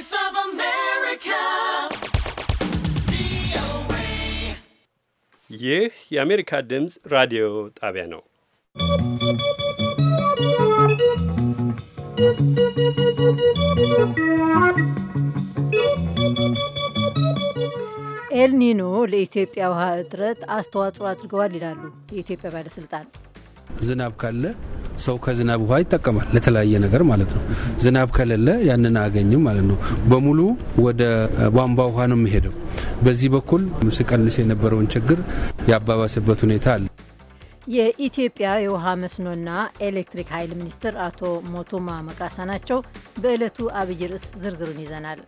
Voice of America. ይህ የአሜሪካ ድምፅ ራዲዮ ጣቢያ ነው። ኤልኒኖ ለኢትዮጵያ ውሃ እጥረት አስተዋጽኦ አድርገዋል ይላሉ የኢትዮጵያ ባለሥልጣን። ዝናብ ካለ ሰው ከዝናብ ውሃ ይጠቀማል ለተለያየ ነገር ማለት ነው። ዝናብ ከሌለ ያንን አያገኝም ማለት ነው። በሙሉ ወደ ቧንቧ ውሃ ነው የሚሄደው። በዚህ በኩል ሲቀንስ የነበረውን ችግር ያባባሰበት ሁኔታ አለ። የኢትዮጵያ የውሃ መስኖና ኤሌክትሪክ ኃይል ሚኒስትር አቶ ሞቱማ መቃሳ ናቸው። በዕለቱ አብይ ርዕስ ዝርዝሩን ይዘናል።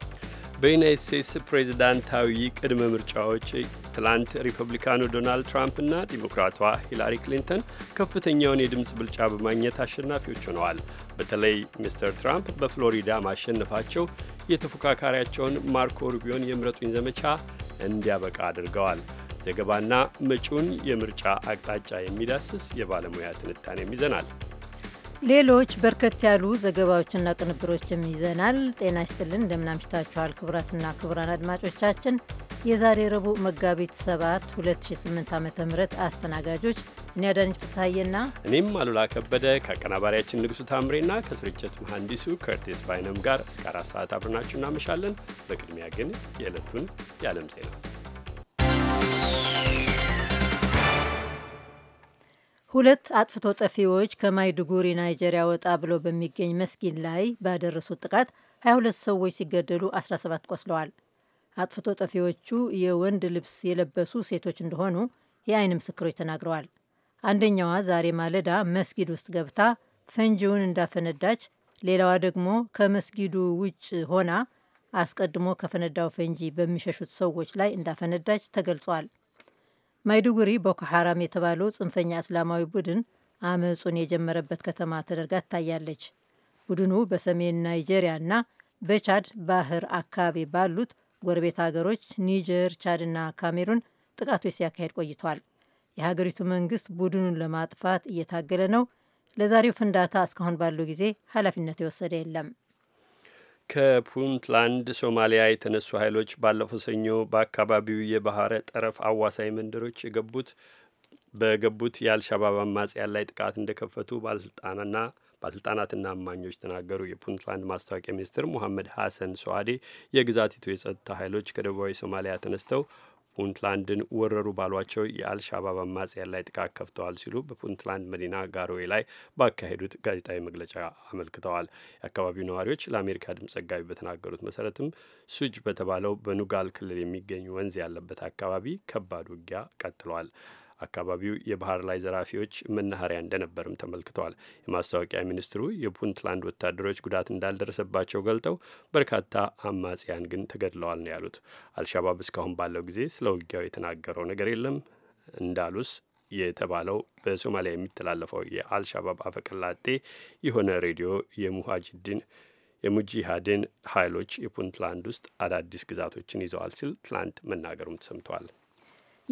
በዩናይት ስቴትስ ፕሬዚዳንታዊ ቅድመ ምርጫዎች ትላንት ሪፐብሊካኑ ዶናልድ ትራምፕና ዲሞክራቷ ሂላሪ ክሊንተን ከፍተኛውን የድምፅ ብልጫ በማግኘት አሸናፊዎች ሆነዋል። በተለይ ሚስተር ትራምፕ በፍሎሪዳ ማሸነፋቸው የተፎካካሪያቸውን ማርኮ ሩቢዮን የምረጡኝ ዘመቻ እንዲያበቃ አድርገዋል። ዘገባና መጪውን የምርጫ አቅጣጫ የሚዳስስ የባለሙያ ትንታኔም ይዘናል። ሌሎች በርከት ያሉ ዘገባዎችና ቅንብሮችም ይዘናል። ጤና ይስጥልን፣ እንደምናምሽታችኋል ክቡራትና ክቡራን አድማጮቻችን የዛሬ ረቡዕ መጋቢት 7 2008 ዓ ም አስተናጋጆች እኔ አዳነች ፍስሐዬና እኔም አሉላ ከበደ ከአቀናባሪያችን ንጉሱ ታምሬና ከስርጭት መሐንዲሱ ከርቴስ ባይነም ጋር እስከ አራት ሰዓት አብረናችሁ እናመሻለን። በቅድሚያ ግን የዕለቱን የዓለም ዜና ሁለት አጥፍቶ ጠፊዎች ከማይዱጉሪ ናይጄሪያ ወጣ ብሎ በሚገኝ መስጊድ ላይ ባደረሱት ጥቃት 22 ሰዎች ሲገደሉ 17 ቆስለዋል። አጥፍቶ ጠፊዎቹ የወንድ ልብስ የለበሱ ሴቶች እንደሆኑ የአይን ምስክሮች ተናግረዋል። አንደኛዋ ዛሬ ማለዳ መስጊድ ውስጥ ገብታ ፈንጂውን እንዳፈነዳች፣ ሌላዋ ደግሞ ከመስጊዱ ውጭ ሆና አስቀድሞ ከፈነዳው ፈንጂ በሚሸሹት ሰዎች ላይ እንዳፈነዳች ተገልጿል። ማይዱጉሪ ቦኮ ሐራም የተባለው ጽንፈኛ እስላማዊ ቡድን አመፁን የጀመረበት ከተማ ተደርጋ ትታያለች። ቡድኑ በሰሜን ናይጄሪያና በቻድ ባህር አካባቢ ባሉት ጎረቤት ሀገሮች ኒጀር፣ ቻድና ካሜሩን ጥቃቶች ሲያካሄድ ቆይቷል። የሀገሪቱ መንግስት ቡድኑን ለማጥፋት እየታገለ ነው። ለዛሬው ፍንዳታ እስካሁን ባለው ጊዜ ኃላፊነት የወሰደ የለም። ከፑንትላንድ ሶማሊያ የተነሱ ኃይሎች ባለፈው ሰኞ በአካባቢው የባህረ ጠረፍ አዋሳኝ መንደሮች የገቡት በገቡት የአልሻባብ አማጽያን ላይ ጥቃት እንደከፈቱ ባለስልጣናና ባለስልጣናትና አማኞች ተናገሩ። የፑንትላንድ ማስታወቂያ ሚኒስትር ሙሐመድ ሀሰን ሶአዴ የግዛቲቱ የጸጥታ ኃይሎች ከደቡባዊ ሶማሊያ ተነስተው ፑንትላንድን ወረሩ ባሏቸው የአልሻባብ አማጽያን ላይ ጥቃት ከፍተዋል ሲሉ በፑንትላንድ መዲና ጋሮዌ ላይ ባካሄዱት ጋዜጣዊ መግለጫ አመልክተዋል። የአካባቢው ነዋሪዎች ለአሜሪካ ድምፅ ዘጋቢ በተናገሩት መሰረትም ሱጅ በተባለው በኑጋል ክልል የሚገኝ ወንዝ ያለበት አካባቢ ከባድ ውጊያ ቀጥሏል። አካባቢው የባህር ላይ ዘራፊዎች መናኸሪያ እንደነበርም ተመልክተዋል። የማስታወቂያ ሚኒስትሩ የፑንትላንድ ወታደሮች ጉዳት እንዳልደረሰባቸው ገልጠው በርካታ አማጽያን ግን ተገድለዋል ነው ያሉት። አልሻባብ እስካሁን ባለው ጊዜ ስለ ውጊያው የተናገረው ነገር የለም እንዳሉስ የተባለው በሶማሊያ የሚተላለፈው የአልሻባብ አፈቀላጤ የሆነ ሬዲዮ የሙሃጅዲን የሙጂሃዴን ኃይሎች የፑንትላንድ ውስጥ አዳዲስ ግዛቶችን ይዘዋል ሲል ትላንት መናገሩም ተሰምተዋል።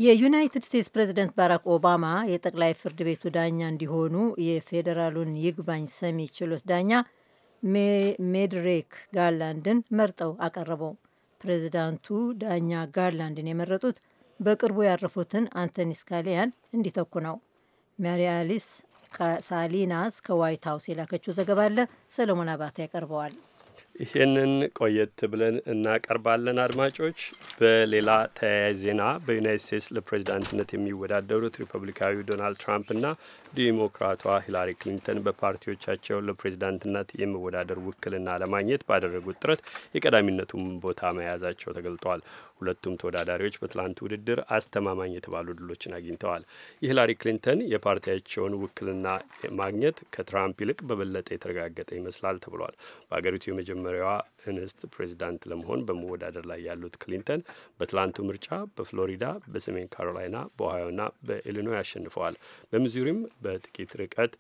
የዩናይትድ ስቴትስ ፕሬዚደንት ባራክ ኦባማ የጠቅላይ ፍርድ ቤቱ ዳኛ እንዲሆኑ የፌዴራሉን ይግባኝ ሰሚ ችሎት ዳኛ ሜድሬክ ጋርላንድን መርጠው አቀረበው። ፕሬዚዳንቱ ዳኛ ጋርላንድን የመረጡት በቅርቡ ያረፉትን አንቶኒ ስካሊያን እንዲተኩ ነው። ሜሪ አሊስ ሳሊናስ ከዋይት ሀውስ የላከችው ዘገባ አለ። ሰለሞን አባተ ያቀርበዋል። ይህንን ቆየት ብለን እናቀርባለን አድማጮች። በሌላ ተያያዥ ዜና በዩናይት ስቴትስ ለፕሬዚዳንትነት የሚወዳደሩት ሪፐብሊካዊው ዶናልድ ትራምፕ ና ዲሞክራቷ ሂላሪ ክሊንተን በፓርቲዎቻቸው ለፕሬዚዳንትነት የመወዳደር ውክልና ለማግኘት ባደረጉት ጥረት የቀዳሚነቱን ቦታ መያዛቸው ተገልጧል። ሁለቱም ተወዳዳሪዎች በትላንት ውድድር አስተማማኝ የተባሉ ድሎችን አግኝተዋል። የሂላሪ ክሊንተን የፓርቲያቸውን ውክልና ማግኘት ከትራምፕ ይልቅ በበለጠ የተረጋገጠ ይመስላል ተብሏል። በሀገሪቱ የመጀመሪያዋ እንስት ፕሬዚዳንት ለመሆን በመወዳደር ላይ ያሉት ክሊንተን በትላንቱ ምርጫ በፍሎሪዳ፣ በሰሜን ካሮላይና፣ በኦሃዮና በኢሊኖይ አሸንፈዋል። በሚዙሪም በጥቂት ርቀት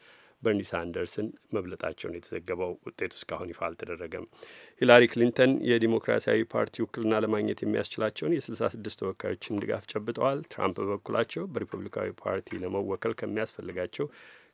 በርኒ ሳንደርስን መብለጣቸውን የተዘገበው። ውጤቱ እስካሁን ይፋ አልተደረገም። ሂላሪ ክሊንተን የዲሞክራሲያዊ ፓርቲ ውክልና ለማግኘት የሚያስችላቸውን የ66 ተወካዮችን ድጋፍ ጨብጠዋል። ትራምፕ በበኩላቸው በሪፐብሊካዊ ፓርቲ ለመወከል ከሚያስፈልጋቸው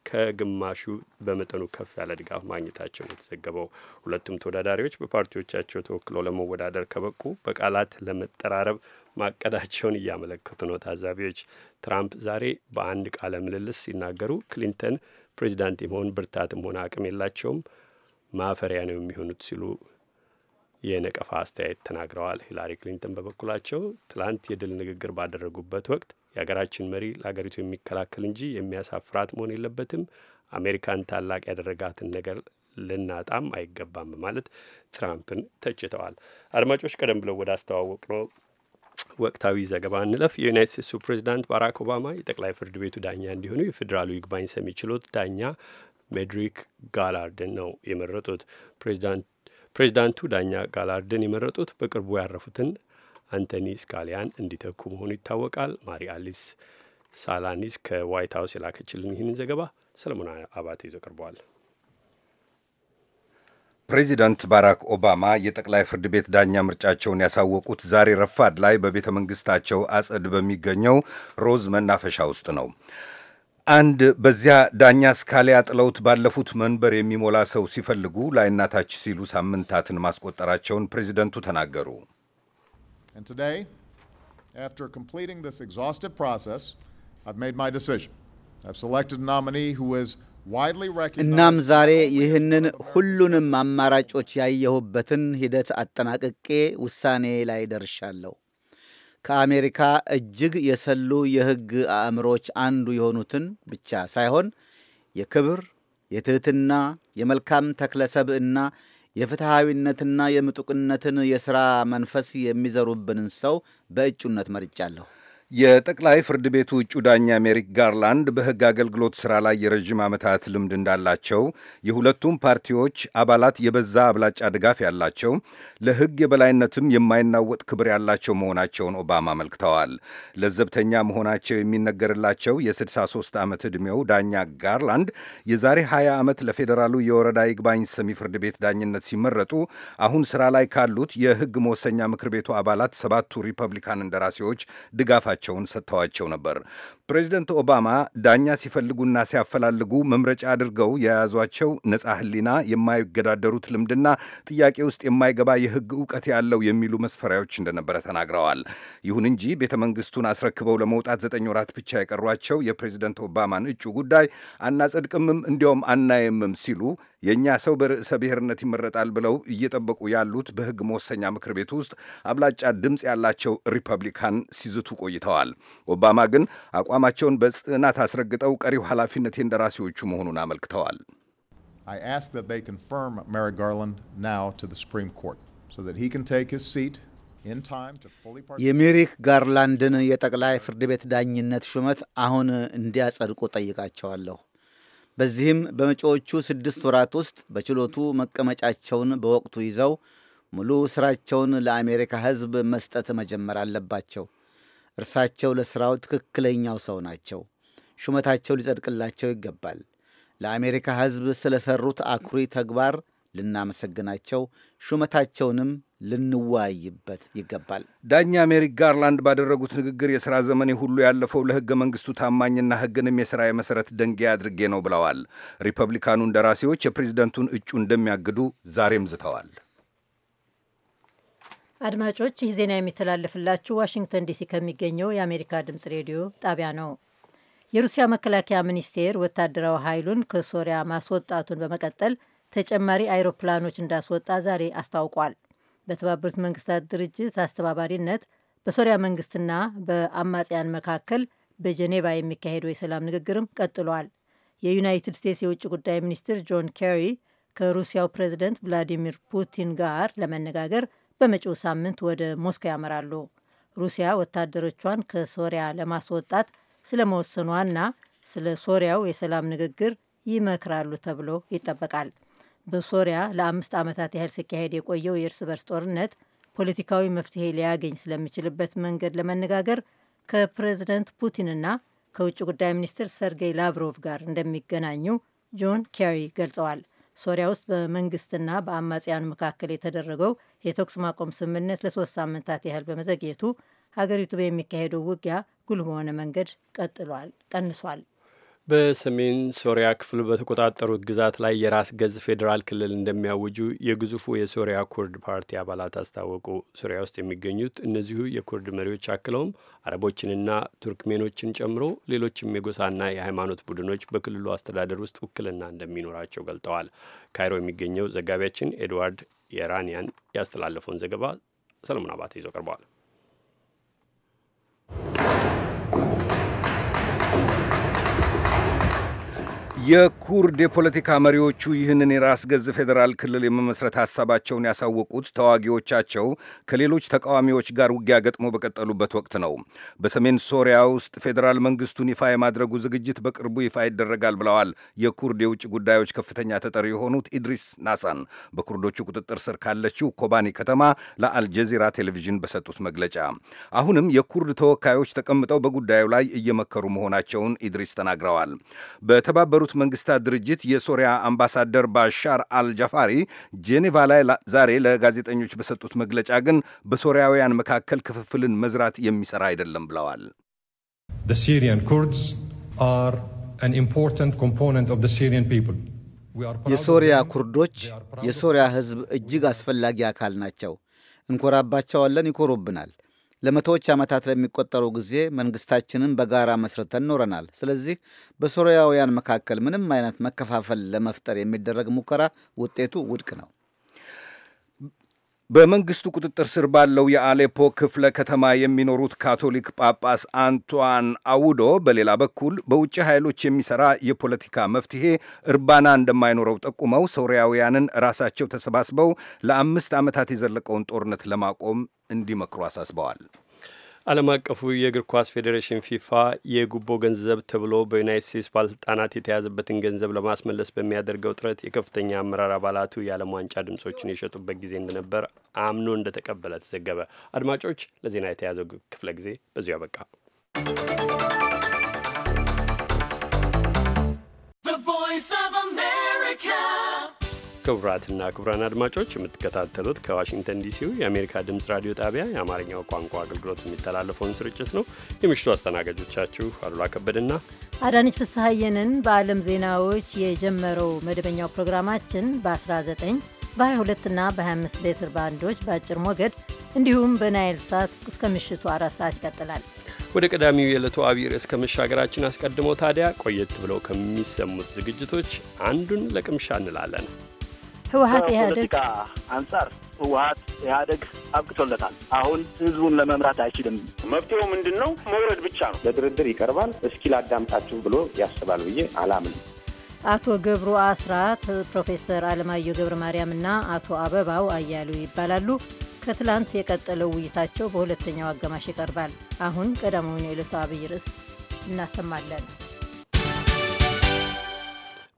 ከግማሹ በመጠኑ ከፍ ያለ ድጋፍ ማግኘታቸውን የተዘገበው። ሁለቱም ተወዳዳሪዎች በፓርቲዎቻቸው ተወክለው ለመወዳደር ከበቁ በቃላት ለመጠራረብ ማቀዳቸውን እያመለከቱ ነው ታዛቢዎች። ትራምፕ ዛሬ በአንድ ቃለ ምልልስ ሲናገሩ ክሊንተን ፕሬዚዳንት የመሆን ብርታትም ሆነ አቅም የላቸውም፣ ማፈሪያ ነው የሚሆኑት ሲሉ የነቀፋ አስተያየት ተናግረዋል። ሂላሪ ክሊንተን በበኩላቸው ትላንት የድል ንግግር ባደረጉበት ወቅት የሀገራችን መሪ ለሀገሪቱ የሚከላከል እንጂ የሚያሳፍራት መሆን የለበትም፣ አሜሪካን ታላቅ ያደረጋትን ነገር ልናጣም አይገባም በማለት ትራምፕን ተችተዋል። አድማጮች ቀደም ብለው ወደ አስተዋወቅ ነው ወቅታዊ ዘገባ እንለፍ። የዩናይት ስቴትሱ ፕሬዚዳንት ባራክ ኦባማ የጠቅላይ ፍርድ ቤቱ ዳኛ እንዲሆኑ የፌዴራሉ ይግባኝ ሰሚ ችሎት ዳኛ ሜድሪክ ጋላርድን ነው የመረጡት። ፕሬዚዳንቱ ዳኛ ጋላርድን የመረጡት በቅርቡ ያረፉትን አንቶኒ ስካሊያን እንዲተኩ መሆኑ ይታወቃል። ማሪ አሊስ ሳላኒስ ከዋይት ሀውስ የላከችልን ይህንን ዘገባ ሰለሞን አባተ ይዞ ቀርበዋል። ፕሬዚዳንት ባራክ ኦባማ የጠቅላይ ፍርድ ቤት ዳኛ ምርጫቸውን ያሳወቁት ዛሬ ረፋድ ላይ በቤተ መንግሥታቸው አጸድ በሚገኘው ሮዝ መናፈሻ ውስጥ ነው። አንድ በዚያ ዳኛ ስካሊያ ጥለውት ባለፉት መንበር የሚሞላ ሰው ሲፈልጉ ላይናታች ሲሉ ሳምንታትን ማስቆጠራቸውን ፕሬዚደንቱ ተናገሩ። ፕሬዚደንቱ እናም ዛሬ ይህንን ሁሉንም አማራጮች ያየሁበትን ሂደት አጠናቅቄ ውሳኔ ላይ ደርሻለሁ። ከአሜሪካ እጅግ የሰሉ የሕግ አእምሮች አንዱ የሆኑትን ብቻ ሳይሆን የክብር፣ የትህትና፣ የመልካም ተክለሰብዕና፣ የፍትሐዊነትና የምጡቅነትን የሥራ መንፈስ የሚዘሩብንን ሰው በእጩነት መርጫለሁ። የጠቅላይ ፍርድ ቤቱ እጩ ዳኛ ሜሪክ ጋርላንድ በሕግ አገልግሎት ሥራ ላይ የረዥም ዓመታት ልምድ እንዳላቸው፣ የሁለቱም ፓርቲዎች አባላት የበዛ አብላጫ ድጋፍ ያላቸው፣ ለሕግ የበላይነትም የማይናወጥ ክብር ያላቸው መሆናቸውን ኦባማ አመልክተዋል። ለዘብተኛ መሆናቸው የሚነገርላቸው የ63 ዓመት ዕድሜው ዳኛ ጋርላንድ የዛሬ 20 ዓመት ለፌዴራሉ የወረዳ ይግባኝ ሰሚ ፍርድ ቤት ዳኝነት ሲመረጡ አሁን ሥራ ላይ ካሉት የሕግ መወሰኛ ምክር ቤቱ አባላት ሰባቱ ሪፐብሊካን እንደራሴዎች ድጋፋ ቃላቸውን ሰጥተዋቸው ነበር። ፕሬዚደንት ኦባማ ዳኛ ሲፈልጉና ሲያፈላልጉ መምረጫ አድርገው የያዟቸው ነጻ ሕሊና፣ የማይገዳደሩት ልምድና ጥያቄ ውስጥ የማይገባ የሕግ እውቀት ያለው የሚሉ መስፈሪያዎች እንደነበረ ተናግረዋል። ይሁን እንጂ ቤተ መንግስቱን አስረክበው ለመውጣት ዘጠኝ ወራት ብቻ የቀሯቸው የፕሬዚደንት ኦባማን እጩ ጉዳይ አናጸድቅምም፣ እንዲያውም አናየምም ሲሉ የእኛ ሰው በርዕሰ ብሔርነት ይመረጣል ብለው እየጠበቁ ያሉት በሕግ መወሰኛ ምክር ቤት ውስጥ አብላጫ ድምፅ ያላቸው ሪፐብሊካን ሲዝቱ ቆይተዋል። ኦባማ ግን አቋ አቋማቸውን በጽናት አስረግጠው ቀሪው ኃላፊነት የእንደራሴዎቹ መሆኑን አመልክተዋል። የሜሪክ ጋርላንድን የጠቅላይ ፍርድ ቤት ዳኝነት ሹመት አሁን እንዲያጸድቁ ጠይቃቸዋለሁ። በዚህም በመጪዎቹ ስድስት ወራት ውስጥ በችሎቱ መቀመጫቸውን በወቅቱ ይዘው ሙሉ ስራቸውን ለአሜሪካ ሕዝብ መስጠት መጀመር አለባቸው። እርሳቸው ለሥራው ትክክለኛው ሰው ናቸው። ሹመታቸው ሊጸድቅላቸው ይገባል። ለአሜሪካ ሕዝብ ስለሰሩት አኩሪ ተግባር ልናመሰግናቸው ሹመታቸውንም ልንወያይበት ይገባል። ዳኛ ሜሪክ ጋርላንድ ባደረጉት ንግግር የሥራ ዘመኔ ሁሉ ያለፈው ለሕገ መንግሥቱ ታማኝና ሕግንም የሥራ የመሠረት ደንጋይ አድርጌ ነው ብለዋል። ሪፐብሊካኑ እንደራሴዎች የፕሬዚደንቱን እጩ እንደሚያግዱ ዛሬም ዝተዋል። አድማጮች ይህ ዜና የሚተላለፍላችሁ ዋሽንግተን ዲሲ ከሚገኘው የአሜሪካ ድምጽ ሬዲዮ ጣቢያ ነው። የሩሲያ መከላከያ ሚኒስቴር ወታደራዊ ኃይሉን ከሶሪያ ማስወጣቱን በመቀጠል ተጨማሪ አይሮፕላኖች እንዳስወጣ ዛሬ አስታውቋል። በተባበሩት መንግስታት ድርጅት አስተባባሪነት በሶሪያ መንግስትና በአማጽያን መካከል በጀኔቫ የሚካሄደው የሰላም ንግግርም ቀጥሏል። የዩናይትድ ስቴትስ የውጭ ጉዳይ ሚኒስትር ጆን ኬሪ ከሩሲያው ፕሬዚደንት ቭላዲሚር ፑቲን ጋር ለመነጋገር በመጪው ሳምንት ወደ ሞስኮ ያመራሉ። ሩሲያ ወታደሮቿን ከሶሪያ ለማስወጣት ስለመወሰኗ ና ስለ ሶሪያው የሰላም ንግግር ይመክራሉ ተብሎ ይጠበቃል። በሶሪያ ለአምስት ዓመታት ያህል ሲካሄድ የቆየው የእርስ በርስ ጦርነት ፖለቲካዊ መፍትሄ ሊያገኝ ስለሚችልበት መንገድ ለመነጋገር ከፕሬዝደንት ፑቲንና ከውጭ ጉዳይ ሚኒስትር ሰርጌይ ላቭሮቭ ጋር እንደሚገናኙ ጆን ኬሪ ገልጸዋል። ሶሪያ ውስጥ በመንግስትና በአማጽያን መካከል የተደረገው የተኩስ ማቆም ስምምነት ለሶስት ሳምንታት ያህል በመዘግየቱ ሀገሪቱ በሚካሄደው ውጊያ ጉልህ በሆነ መንገድ ቀጥሏል ቀንሷል። በሰሜን ሶሪያ ክፍል በተቆጣጠሩት ግዛት ላይ የራስ ገዝ ፌዴራል ክልል እንደሚያውጁ የግዙፉ የሶሪያ ኩርድ ፓርቲ አባላት አስታወቁ። ሶሪያ ውስጥ የሚገኙት እነዚሁ የኩርድ መሪዎች አክለውም አረቦችንና ቱርክሜኖችን ጨምሮ ሌሎችም የጎሳና የሃይማኖት ቡድኖች በክልሉ አስተዳደር ውስጥ ውክልና እንደሚኖራቸው ገልጠዋል። ካይሮ የሚገኘው ዘጋቢያችን ኤድዋርድ የራኒያን ያስተላለፈውን ዘገባ ሰለሞን አባተ ይዞ ቀርበዋል። የኩርድ የፖለቲካ መሪዎቹ ይህንን የራስ ገዝ ፌዴራል ክልል የመመስረት ሐሳባቸውን ያሳወቁት ተዋጊዎቻቸው ከሌሎች ተቃዋሚዎች ጋር ውጊያ ገጥሞ በቀጠሉበት ወቅት ነው። በሰሜን ሶሪያ ውስጥ ፌዴራል መንግስቱን ይፋ የማድረጉ ዝግጅት በቅርቡ ይፋ ይደረጋል ብለዋል የኩርድ የውጭ ጉዳዮች ከፍተኛ ተጠሪ የሆኑት ኢድሪስ ናሳን በኩርዶቹ ቁጥጥር ስር ካለችው ኮባኒ ከተማ ለአልጀዚራ ቴሌቪዥን በሰጡት መግለጫ። አሁንም የኩርድ ተወካዮች ተቀምጠው በጉዳዩ ላይ እየመከሩ መሆናቸውን ኢድሪስ ተናግረዋል። በተባበሩት መንግስታት ድርጅት የሶሪያ አምባሳደር ባሻር አልጃፋሪ ጄኔቫ ላይ ዛሬ ለጋዜጠኞች በሰጡት መግለጫ ግን በሶሪያውያን መካከል ክፍፍልን መዝራት የሚሰራ አይደለም ብለዋል። የሶሪያ ኩርዶች የሶሪያ ህዝብ እጅግ አስፈላጊ አካል ናቸው። እንኮራባቸዋለን፣ ይኮሩብናል። ለመቶዎች ዓመታት ለሚቆጠሩ ጊዜ መንግስታችንን በጋራ መስርተን ኖረናል። ስለዚህ በሶሪያውያን መካከል ምንም አይነት መከፋፈል ለመፍጠር የሚደረግ ሙከራ ውጤቱ ውድቅ ነው። በመንግስቱ ቁጥጥር ስር ባለው የአሌፖ ክፍለ ከተማ የሚኖሩት ካቶሊክ ጳጳስ አንቷን አውዶ በሌላ በኩል በውጭ ኃይሎች የሚሰራ የፖለቲካ መፍትሄ እርባና እንደማይኖረው ጠቁመው ሶርያውያንን ራሳቸው ተሰባስበው ለአምስት ዓመታት የዘለቀውን ጦርነት ለማቆም እንዲመክሩ አሳስበዋል። ዓለም አቀፉ የእግር ኳስ ፌዴሬሽን ፊፋ የጉቦ ገንዘብ ተብሎ በዩናይት ስቴትስ ባለስልጣናት የተያዘበትን ገንዘብ ለማስመለስ በሚያደርገው ጥረት የከፍተኛ አመራር አባላቱ የዓለም ዋንጫ ድምጾችን የሸጡበት ጊዜ እንደነበር አምኖ እንደተቀበለ ተዘገበ። አድማጮች፣ ለዜና የተያዘው ክፍለ ጊዜ በዚሁ ያበቃ። ክቡራትና ክቡራን አድማጮች የምትከታተሉት ከዋሽንግተን ዲሲው የአሜሪካ ድምፅ ራዲዮ ጣቢያ የአማርኛው ቋንቋ አገልግሎት የሚተላለፈውን ስርጭት ነው። የምሽቱ አስተናጋጆቻችሁ አሉላ ከበድና አዳነች ፍስሐየንን በዓለም ዜናዎች የጀመረው መደበኛው ፕሮግራማችን በ19 በ22 እና በ25 ሜትር ባንዶች በአጭር ሞገድ እንዲሁም በናይል ሳት እስከ ምሽቱ አራት ሰዓት ይቀጥላል። ወደ ቀዳሚው የዕለቱ አብይ ርዕስ ከመሻገራችን አስቀድሞ ታዲያ ቆየት ብለው ከሚሰሙት ዝግጅቶች አንዱን ለቅምሻ እንላለን። ህወሀት ኢህአዴግ አንጻር ህወሀት ኢህአዴግ አብቅቶለታል። አሁን ህዝቡን ለመምራት አይችልም። መፍትሄው ምንድን ነው? መውረድ ብቻ ነው። ለድርድር ይቀርባል። እስኪ ላዳምጣችሁ ብሎ ያስባል ብዬ አላምን። አቶ ገብሩ አስራት፣ ፕሮፌሰር አለማየሁ ገብረ እና አቶ አበባው አያሌው ይባላሉ። ከትላንት የቀጠለው ውይይታቸው በሁለተኛው አጋማሽ ይቀርባል። አሁን ቀዳማውን የዕለቱ አብይ ርዕስ እናሰማለን።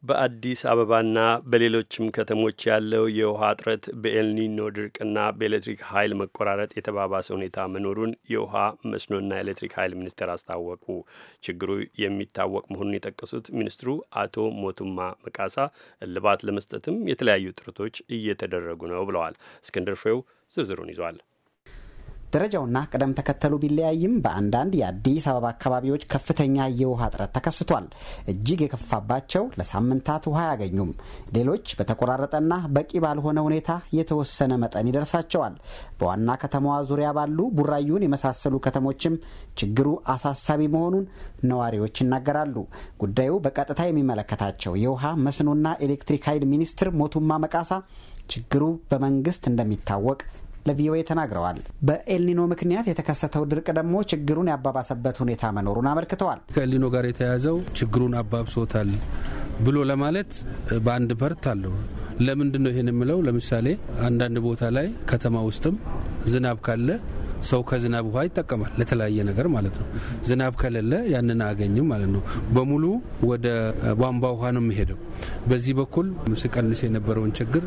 በአዲስ አበባና በሌሎችም ከተሞች ያለው የውሃ እጥረት በኤልኒኖ ድርቅና በኤሌክትሪክ ኃይል መቆራረጥ የተባባሰ ሁኔታ መኖሩን የውሃ መስኖና ኤሌክትሪክ ኃይል ሚኒስቴር አስታወቁ። ችግሩ የሚታወቅ መሆኑን የጠቀሱት ሚኒስትሩ አቶ ሞቱማ መቃሳ እልባት ለመስጠትም የተለያዩ ጥረቶች እየተደረጉ ነው ብለዋል። እስክንድር ፍሬው ዝርዝሩን ይዟል። ደረጃውና ቅደም ተከተሉ ቢለያይም በአንዳንድ የአዲስ አበባ አካባቢዎች ከፍተኛ የውሃ እጥረት ተከስቷል። እጅግ የከፋባቸው ለሳምንታት ውሃ አያገኙም። ሌሎች በተቆራረጠና በቂ ባልሆነ ሁኔታ የተወሰነ መጠን ይደርሳቸዋል። በዋና ከተማዋ ዙሪያ ባሉ ቡራዩን የመሳሰሉ ከተሞችም ችግሩ አሳሳቢ መሆኑን ነዋሪዎች ይናገራሉ። ጉዳዩ በቀጥታ የሚመለከታቸው የውሃ መስኖና ኤሌክትሪክ ኃይል ሚኒስትር ሞቱማ መቃሳ ችግሩ በመንግስት እንደሚታወቅ ለቪኦኤ ተናግረዋል። በኤልኒኖ ምክንያት የተከሰተው ድርቅ ደግሞ ችግሩን ያባባሰበት ሁኔታ መኖሩን አመልክተዋል። ከኤልኒኖ ጋር የተያያዘው ችግሩን አባብሶታል ብሎ ለማለት በአንድ ፐርት አለው። ለምንድን ነው ይህን የምለው? ለምሳሌ አንዳንድ ቦታ ላይ ከተማ ውስጥም ዝናብ ካለ ሰው ከዝናብ ውሃ ይጠቀማል ለተለያየ ነገር ማለት ነው። ዝናብ ከሌለ ያንን አያገኝም ማለት ነው። በሙሉ ወደ ቧንቧ ውሃ ነው የሚሄደው። በዚህ በኩል ስቀንስ የነበረውን ችግር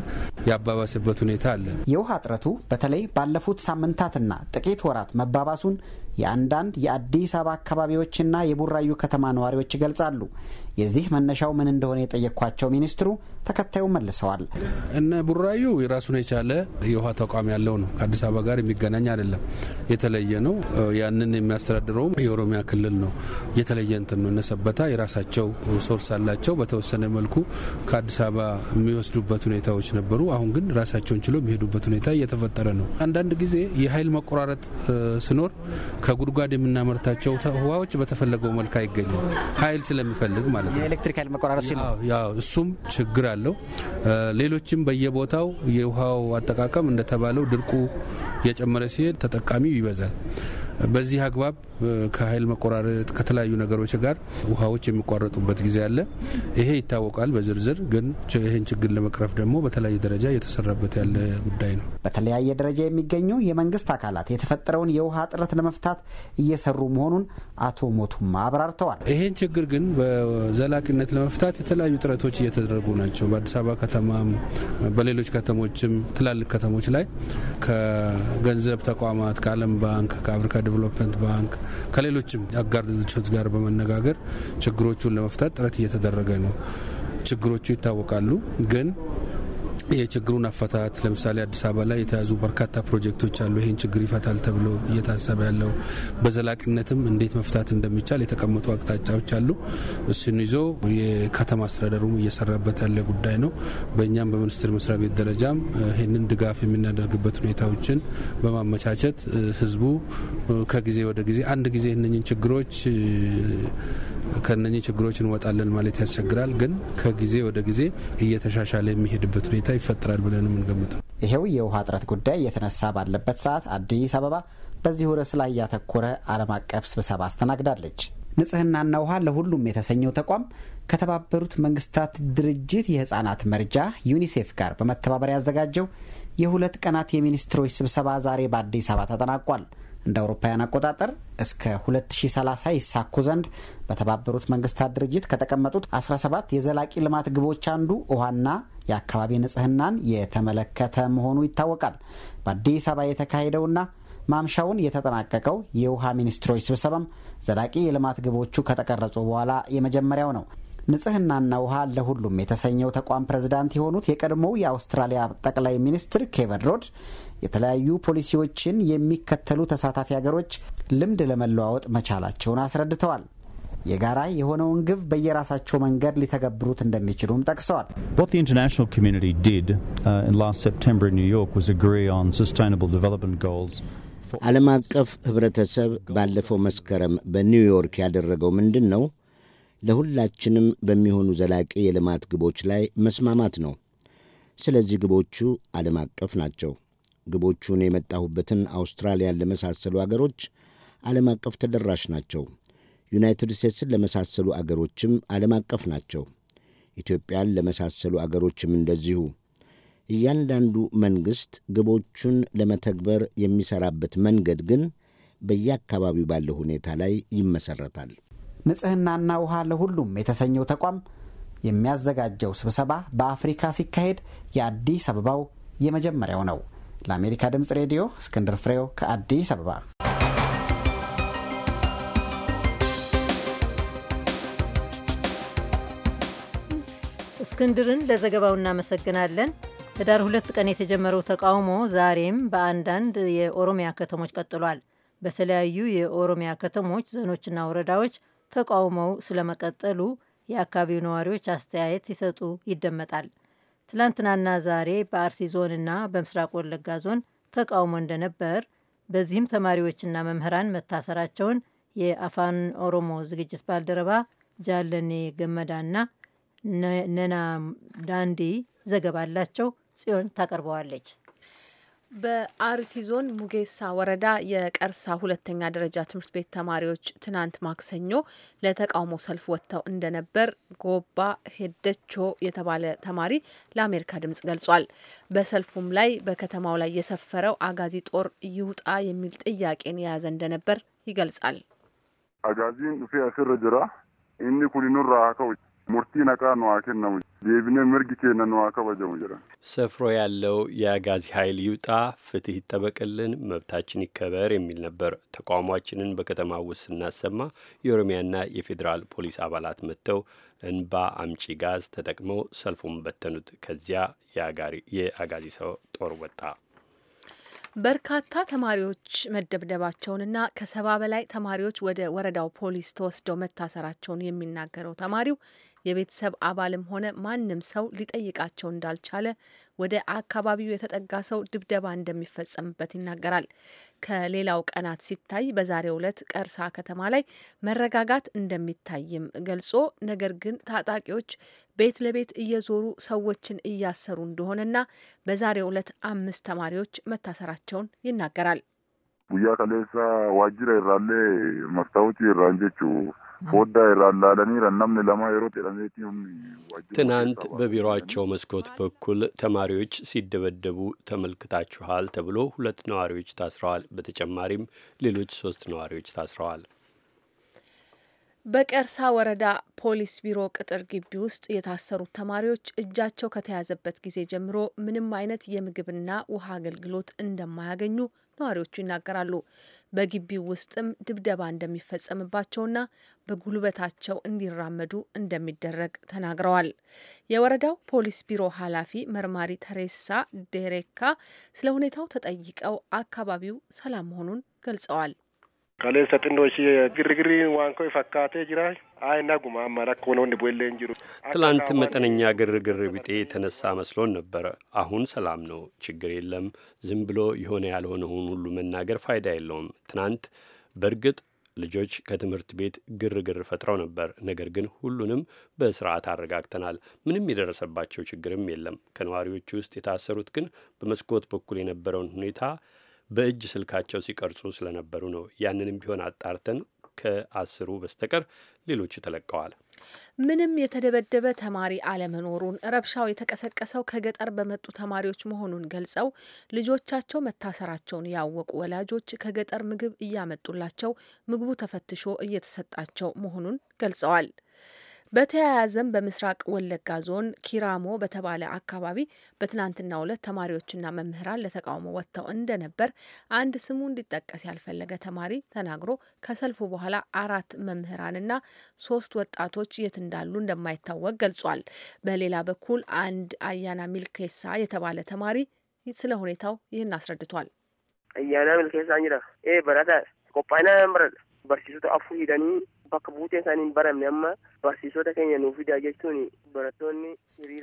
ያባባሰበት ሁኔታ አለ። የውሃ እጥረቱ በተለይ ባለፉት ሳምንታትና ጥቂት ወራት መባባሱን የአንዳንድ የአዲስ አበባ አካባቢዎችና የቡራዩ ከተማ ነዋሪዎች ይገልጻሉ። የዚህ መነሻው ምን እንደሆነ የጠየቅኳቸው ሚኒስትሩ ተከታዩን መልሰዋል። እነ ቡራዩ የራሱን የቻለ የውሃ ተቋም ያለው ነው። ከአዲስ አበባ ጋር የሚገናኝ አይደለም፣ የተለየ ነው። ያንን የሚያስተዳድረውም የኦሮሚያ ክልል ነው። የተለየ እንትን ነው። እነሰበታ የራሳቸው ሶርስ አላቸው። በተወሰነ መልኩ ከአዲስ አበባ የሚወስዱበት ሁኔታዎች ነበሩ። አሁን ግን ራሳቸውን ችሎ የሚሄዱበት ሁኔታ እየተፈጠረ ነው። አንዳንድ ጊዜ የኃይል መቆራረጥ ስኖር ከጉድጓድ የምናመርታቸው ውሃዎች በተፈለገው መልክ አይገኙም። ኃይል ስለሚፈልግ ማለት ነው። የኤሌክትሪክ ኃይል መቆራረስ እሱም ችግር አለው። ሌሎችም በየቦታው የውሃው አጠቃቀም እንደተባለው ድርቁ እየጨመረ ሲሄድ ተጠቃሚው ይበዛል። በዚህ አግባብ ከኃይል መቆራረጥ ከተለያዩ ነገሮች ጋር ውሃዎች የሚቋረጡበት ጊዜ አለ። ይሄ ይታወቃል በዝርዝር ግን ይህን ችግር ለመቅረፍ ደግሞ በተለያየ ደረጃ እየተሰራበት ያለ ጉዳይ ነው። በተለያየ ደረጃ የሚገኙ የመንግስት አካላት የተፈጠረውን የውሃ እጥረት ለመፍታት እየሰሩ መሆኑን አቶ ሞቱማ አብራርተዋል። ይህን ችግር ግን በዘላቂነት ለመፍታት የተለያዩ ጥረቶች እየተደረጉ ናቸው። በአዲስ አበባ ከተማም በሌሎች ከተሞችም ትላልቅ ከተሞች ላይ ከገንዘብ ተቋማት ከዓለም ባንክ፣ ከአፍሪካ ዴቨሎፕመንት ባንክ ከሌሎችም አጋር ድርጅቶች ጋር በመነጋገር ችግሮቹን ለመፍታት ጥረት እየተደረገ ነው። ችግሮቹ ይታወቃሉ ግን የችግሩን አፈታት ለምሳሌ አዲስ አበባ ላይ የተያዙ በርካታ ፕሮጀክቶች አሉ። ይህን ችግር ይፈታል ተብሎ እየታሰበ ያለው በዘላቂነትም እንዴት መፍታት እንደሚቻል የተቀመጡ አቅጣጫዎች አሉ። እሱን ይዞ የከተማ አስተዳደሩም እየሰራበት ያለ ጉዳይ ነው። በእኛም በሚኒስቴር መስሪያ ቤት ደረጃም ይህንን ድጋፍ የምናደርግበት ሁኔታዎችን በማመቻቸት ህዝቡ ከጊዜ ወደ ጊዜ አንድ ጊዜ እነኝን ችግሮች ከነኚህ ችግሮች እንወጣለን ማለት ያስቸግራል። ግን ከጊዜ ወደ ጊዜ እየተሻሻለ የሚሄድበት ሁኔታ ይፈጠራል ብለን የምንገምተው። ይሄው የውሃ እጥረት ጉዳይ እየተነሳ ባለበት ሰዓት አዲስ አበባ በዚሁ ርዕስ ላይ ያተኮረ ዓለም አቀፍ ስብሰባ አስተናግዳለች። ንጽህናና ውሃ ለሁሉም የተሰኘው ተቋም ከተባበሩት መንግስታት ድርጅት የህፃናት መርጃ ዩኒሴፍ ጋር በመተባበር ያዘጋጀው የሁለት ቀናት የሚኒስትሮች ስብሰባ ዛሬ በአዲስ አበባ ተጠናቋል። እንደ አውሮፓውያን አቆጣጠር እስከ 2030 ይሳኩ ዘንድ በተባበሩት መንግስታት ድርጅት ከተቀመጡት 17 የዘላቂ ልማት ግቦች አንዱ ውሃና የአካባቢ ንጽህናን የተመለከተ መሆኑ ይታወቃል። በአዲስ አበባ የተካሄደውና ማምሻውን የተጠናቀቀው የውሃ ሚኒስትሮች ስብሰባም ዘላቂ የልማት ግቦቹ ከተቀረጹ በኋላ የመጀመሪያው ነው። ንጽህናና ውሃ ለሁሉም የተሰኘው ተቋም ፕሬዝዳንት የሆኑት የቀድሞው የአውስትራሊያ ጠቅላይ ሚኒስትር ኬቨን ሮድ የተለያዩ ፖሊሲዎችን የሚከተሉ ተሳታፊ ሀገሮች ልምድ ለመለዋወጥ መቻላቸውን አስረድተዋል። የጋራ የሆነውን ግብ በየራሳቸው መንገድ ሊተገብሩት እንደሚችሉም ጠቅሰዋል። ዓለም አቀፍ ህብረተሰብ ባለፈው መስከረም በኒውዮርክ ያደረገው ምንድን ነው? ለሁላችንም በሚሆኑ ዘላቂ የልማት ግቦች ላይ መስማማት ነው። ስለዚህ ግቦቹ ዓለም አቀፍ ናቸው። ግቦቹን የመጣሁበትን አውስትራሊያን ለመሳሰሉ አገሮች ዓለም አቀፍ ተደራሽ ናቸው። ዩናይትድ ስቴትስን ለመሳሰሉ አገሮችም ዓለም አቀፍ ናቸው። ኢትዮጵያን ለመሳሰሉ አገሮችም እንደዚሁ። እያንዳንዱ መንግሥት ግቦቹን ለመተግበር የሚሠራበት መንገድ ግን በየአካባቢው ባለው ሁኔታ ላይ ይመሠረታል። ንጽህናና ውሃ ለሁሉም የተሰኘው ተቋም የሚያዘጋጀው ስብሰባ በአፍሪካ ሲካሄድ የአዲስ አበባው የመጀመሪያው ነው። ለአሜሪካ ድምፅ ሬዲዮ እስክንድር ፍሬው ከአዲስ አበባ። እስክንድርን ለዘገባው እናመሰግናለን። ህዳር ሁለት ቀን የተጀመረው ተቃውሞ ዛሬም በአንዳንድ የኦሮሚያ ከተሞች ቀጥሏል። በተለያዩ የኦሮሚያ ከተሞች፣ ዞኖችና ወረዳዎች ተቃውሞው ስለመቀጠሉ የአካባቢው ነዋሪዎች አስተያየት ሲሰጡ ይደመጣል። ትላንትናና ዛሬ በአርሲ ዞንና በምስራቅ ወለጋ ዞን ተቃውሞ እንደነበር፣ በዚህም ተማሪዎችና መምህራን መታሰራቸውን የአፋን ኦሮሞ ዝግጅት ባልደረባ ጃለኔ ገመዳና ነና ዳንዲ ዘገባ አላቸው። ጽዮን ታቀርበዋለች። በአርሲ ዞን ሙጌሳ ወረዳ የቀርሳ ሁለተኛ ደረጃ ትምህርት ቤት ተማሪዎች ትናንት ማክሰኞ ለተቃውሞ ሰልፍ ወጥተው እንደነበር ጎባ ሄደቾ የተባለ ተማሪ ለአሜሪካ ድምጽ ገልጿል። በሰልፉም ላይ በከተማው ላይ የሰፈረው አጋዚ ጦር ይውጣ የሚል ጥያቄን የያዘ እንደነበር ይገልጻል። አጋዚን ፊ ጅራ ኢኒ ኩሊኑራ ሙርቲ ነቃ ነዋኬን ነው ዴቪኔ ምርግ ኬነ ነዋ ከበጀሙ ጅራ ሰፍሮ ያለው የአጋዚ ኃይል ይውጣ፣ ፍትህ ይጠበቅልን፣ መብታችን ይከበር የሚል ነበር። ተቃውሟችንን በከተማ ውስጥ ስናሰማ የኦሮሚያና የፌዴራል ፖሊስ አባላት መጥተው እንባ አምጪ ጋዝ ተጠቅመው ሰልፉን በተኑት። ከዚያ የአጋዚ ሰው ጦር ወጣ። በርካታ ተማሪዎች መደብደባቸውንና ከሰባ በላይ ተማሪዎች ወደ ወረዳው ፖሊስ ተወስደው መታሰራቸውን የሚናገረው ተማሪው የቤተሰብ አባልም ሆነ ማንም ሰው ሊጠይቃቸው እንዳልቻለ፣ ወደ አካባቢው የተጠጋ ሰው ድብደባ እንደሚፈጸምበት ይናገራል። ከሌላው ቀናት ሲታይ በዛሬው ዕለት ቀርሳ ከተማ ላይ መረጋጋት እንደሚታይም ገልጾ ነገር ግን ታጣቂዎች ቤት ለቤት እየዞሩ ሰዎችን እያሰሩ እንደሆነና በዛሬው ዕለት አምስት ተማሪዎች መታሰራቸውን ይናገራል። ጉያ ከሌሳ ዋጅራ ይራሌ መስታወት ይራን ትናንት በቢሮቸው መስኮት በኩል ተማሪዎች ሲደበደቡ ተመልክታችኋል ተብሎ ሁለት ነዋሪዎች ታስረዋል። በተጨማሪም ሌሎች ሶስት ነዋሪዎች ታስረዋል። በቀርሳ ወረዳ ፖሊስ ቢሮ ቅጥር ግቢ ውስጥ የታሰሩት ተማሪዎች እጃቸው ከተያዘበት ጊዜ ጀምሮ ምንም አይነት የምግብና ውሃ አገልግሎት እንደማያገኙ ነዋሪዎቹ ይናገራሉ። በግቢው ውስጥም ድብደባ እንደሚፈጸምባቸውና በጉልበታቸው እንዲራመዱ እንደሚደረግ ተናግረዋል። የወረዳው ፖሊስ ቢሮ ኃላፊ መርማሪ ተሬሳ ዴሬካ ስለ ሁኔታው ተጠይቀው አካባቢው ሰላም መሆኑን ገልጸዋል። kaleessa xinnooshi girgiriin waan koyi fakkaatee jira ayna guma amma rakkoon onni bu'ellee hin jiru. ትላንት መጠነኛ ግርግር ቢጤ የተነሳ መስሎን ነበረ። አሁን ሰላም ነው፣ ችግር የለም። ዝም ብሎ የሆነ ያልሆነውን ሁሉ መናገር ፋይዳ የለውም። ትናንት በእርግጥ ልጆች ከትምህርት ቤት ግርግር ፈጥረው ነበር። ነገር ግን ሁሉንም በስርዓት አረጋግተናል። ምንም የደረሰባቸው ችግርም የለም። ከነዋሪዎቹ ውስጥ የታሰሩት ግን በመስኮት በኩል የነበረውን ሁኔታ በእጅ ስልካቸው ሲቀርጹ ስለነበሩ ነው። ያንንም ቢሆን አጣርተን ከአስሩ በስተቀር ሌሎቹ ተለቀዋል። ምንም የተደበደበ ተማሪ አለመኖሩን ረብሻው የተቀሰቀሰው ከገጠር በመጡ ተማሪዎች መሆኑን ገልጸው ልጆቻቸው መታሰራቸውን ያወቁ ወላጆች ከገጠር ምግብ እያመጡላቸው ምግቡ ተፈትሾ እየተሰጣቸው መሆኑን ገልጸዋል። በተያያዘም በምስራቅ ወለጋ ዞን ኪራሞ በተባለ አካባቢ በትናንትና ሁለት ተማሪዎችና መምህራን ለተቃውሞ ወጥተው እንደነበር አንድ ስሙ እንዲጠቀስ ያልፈለገ ተማሪ ተናግሮ ከሰልፉ በኋላ አራት መምህራንና ሶስት ወጣቶች የት እንዳሉ እንደማይታወቅ ገልጿል። በሌላ በኩል አንድ አያና ሚልኬሳ የተባለ ተማሪ ስለ ሁኔታው ይህን አስረድቷል። አያና ሚልኬሳ በራታ ቆጳይና ምረ በርሲሱ አፉ ሂደኒ bakka buutee isaanii hin baramne amma barsiisota keenya nuuf fidaa jechuun barattoonni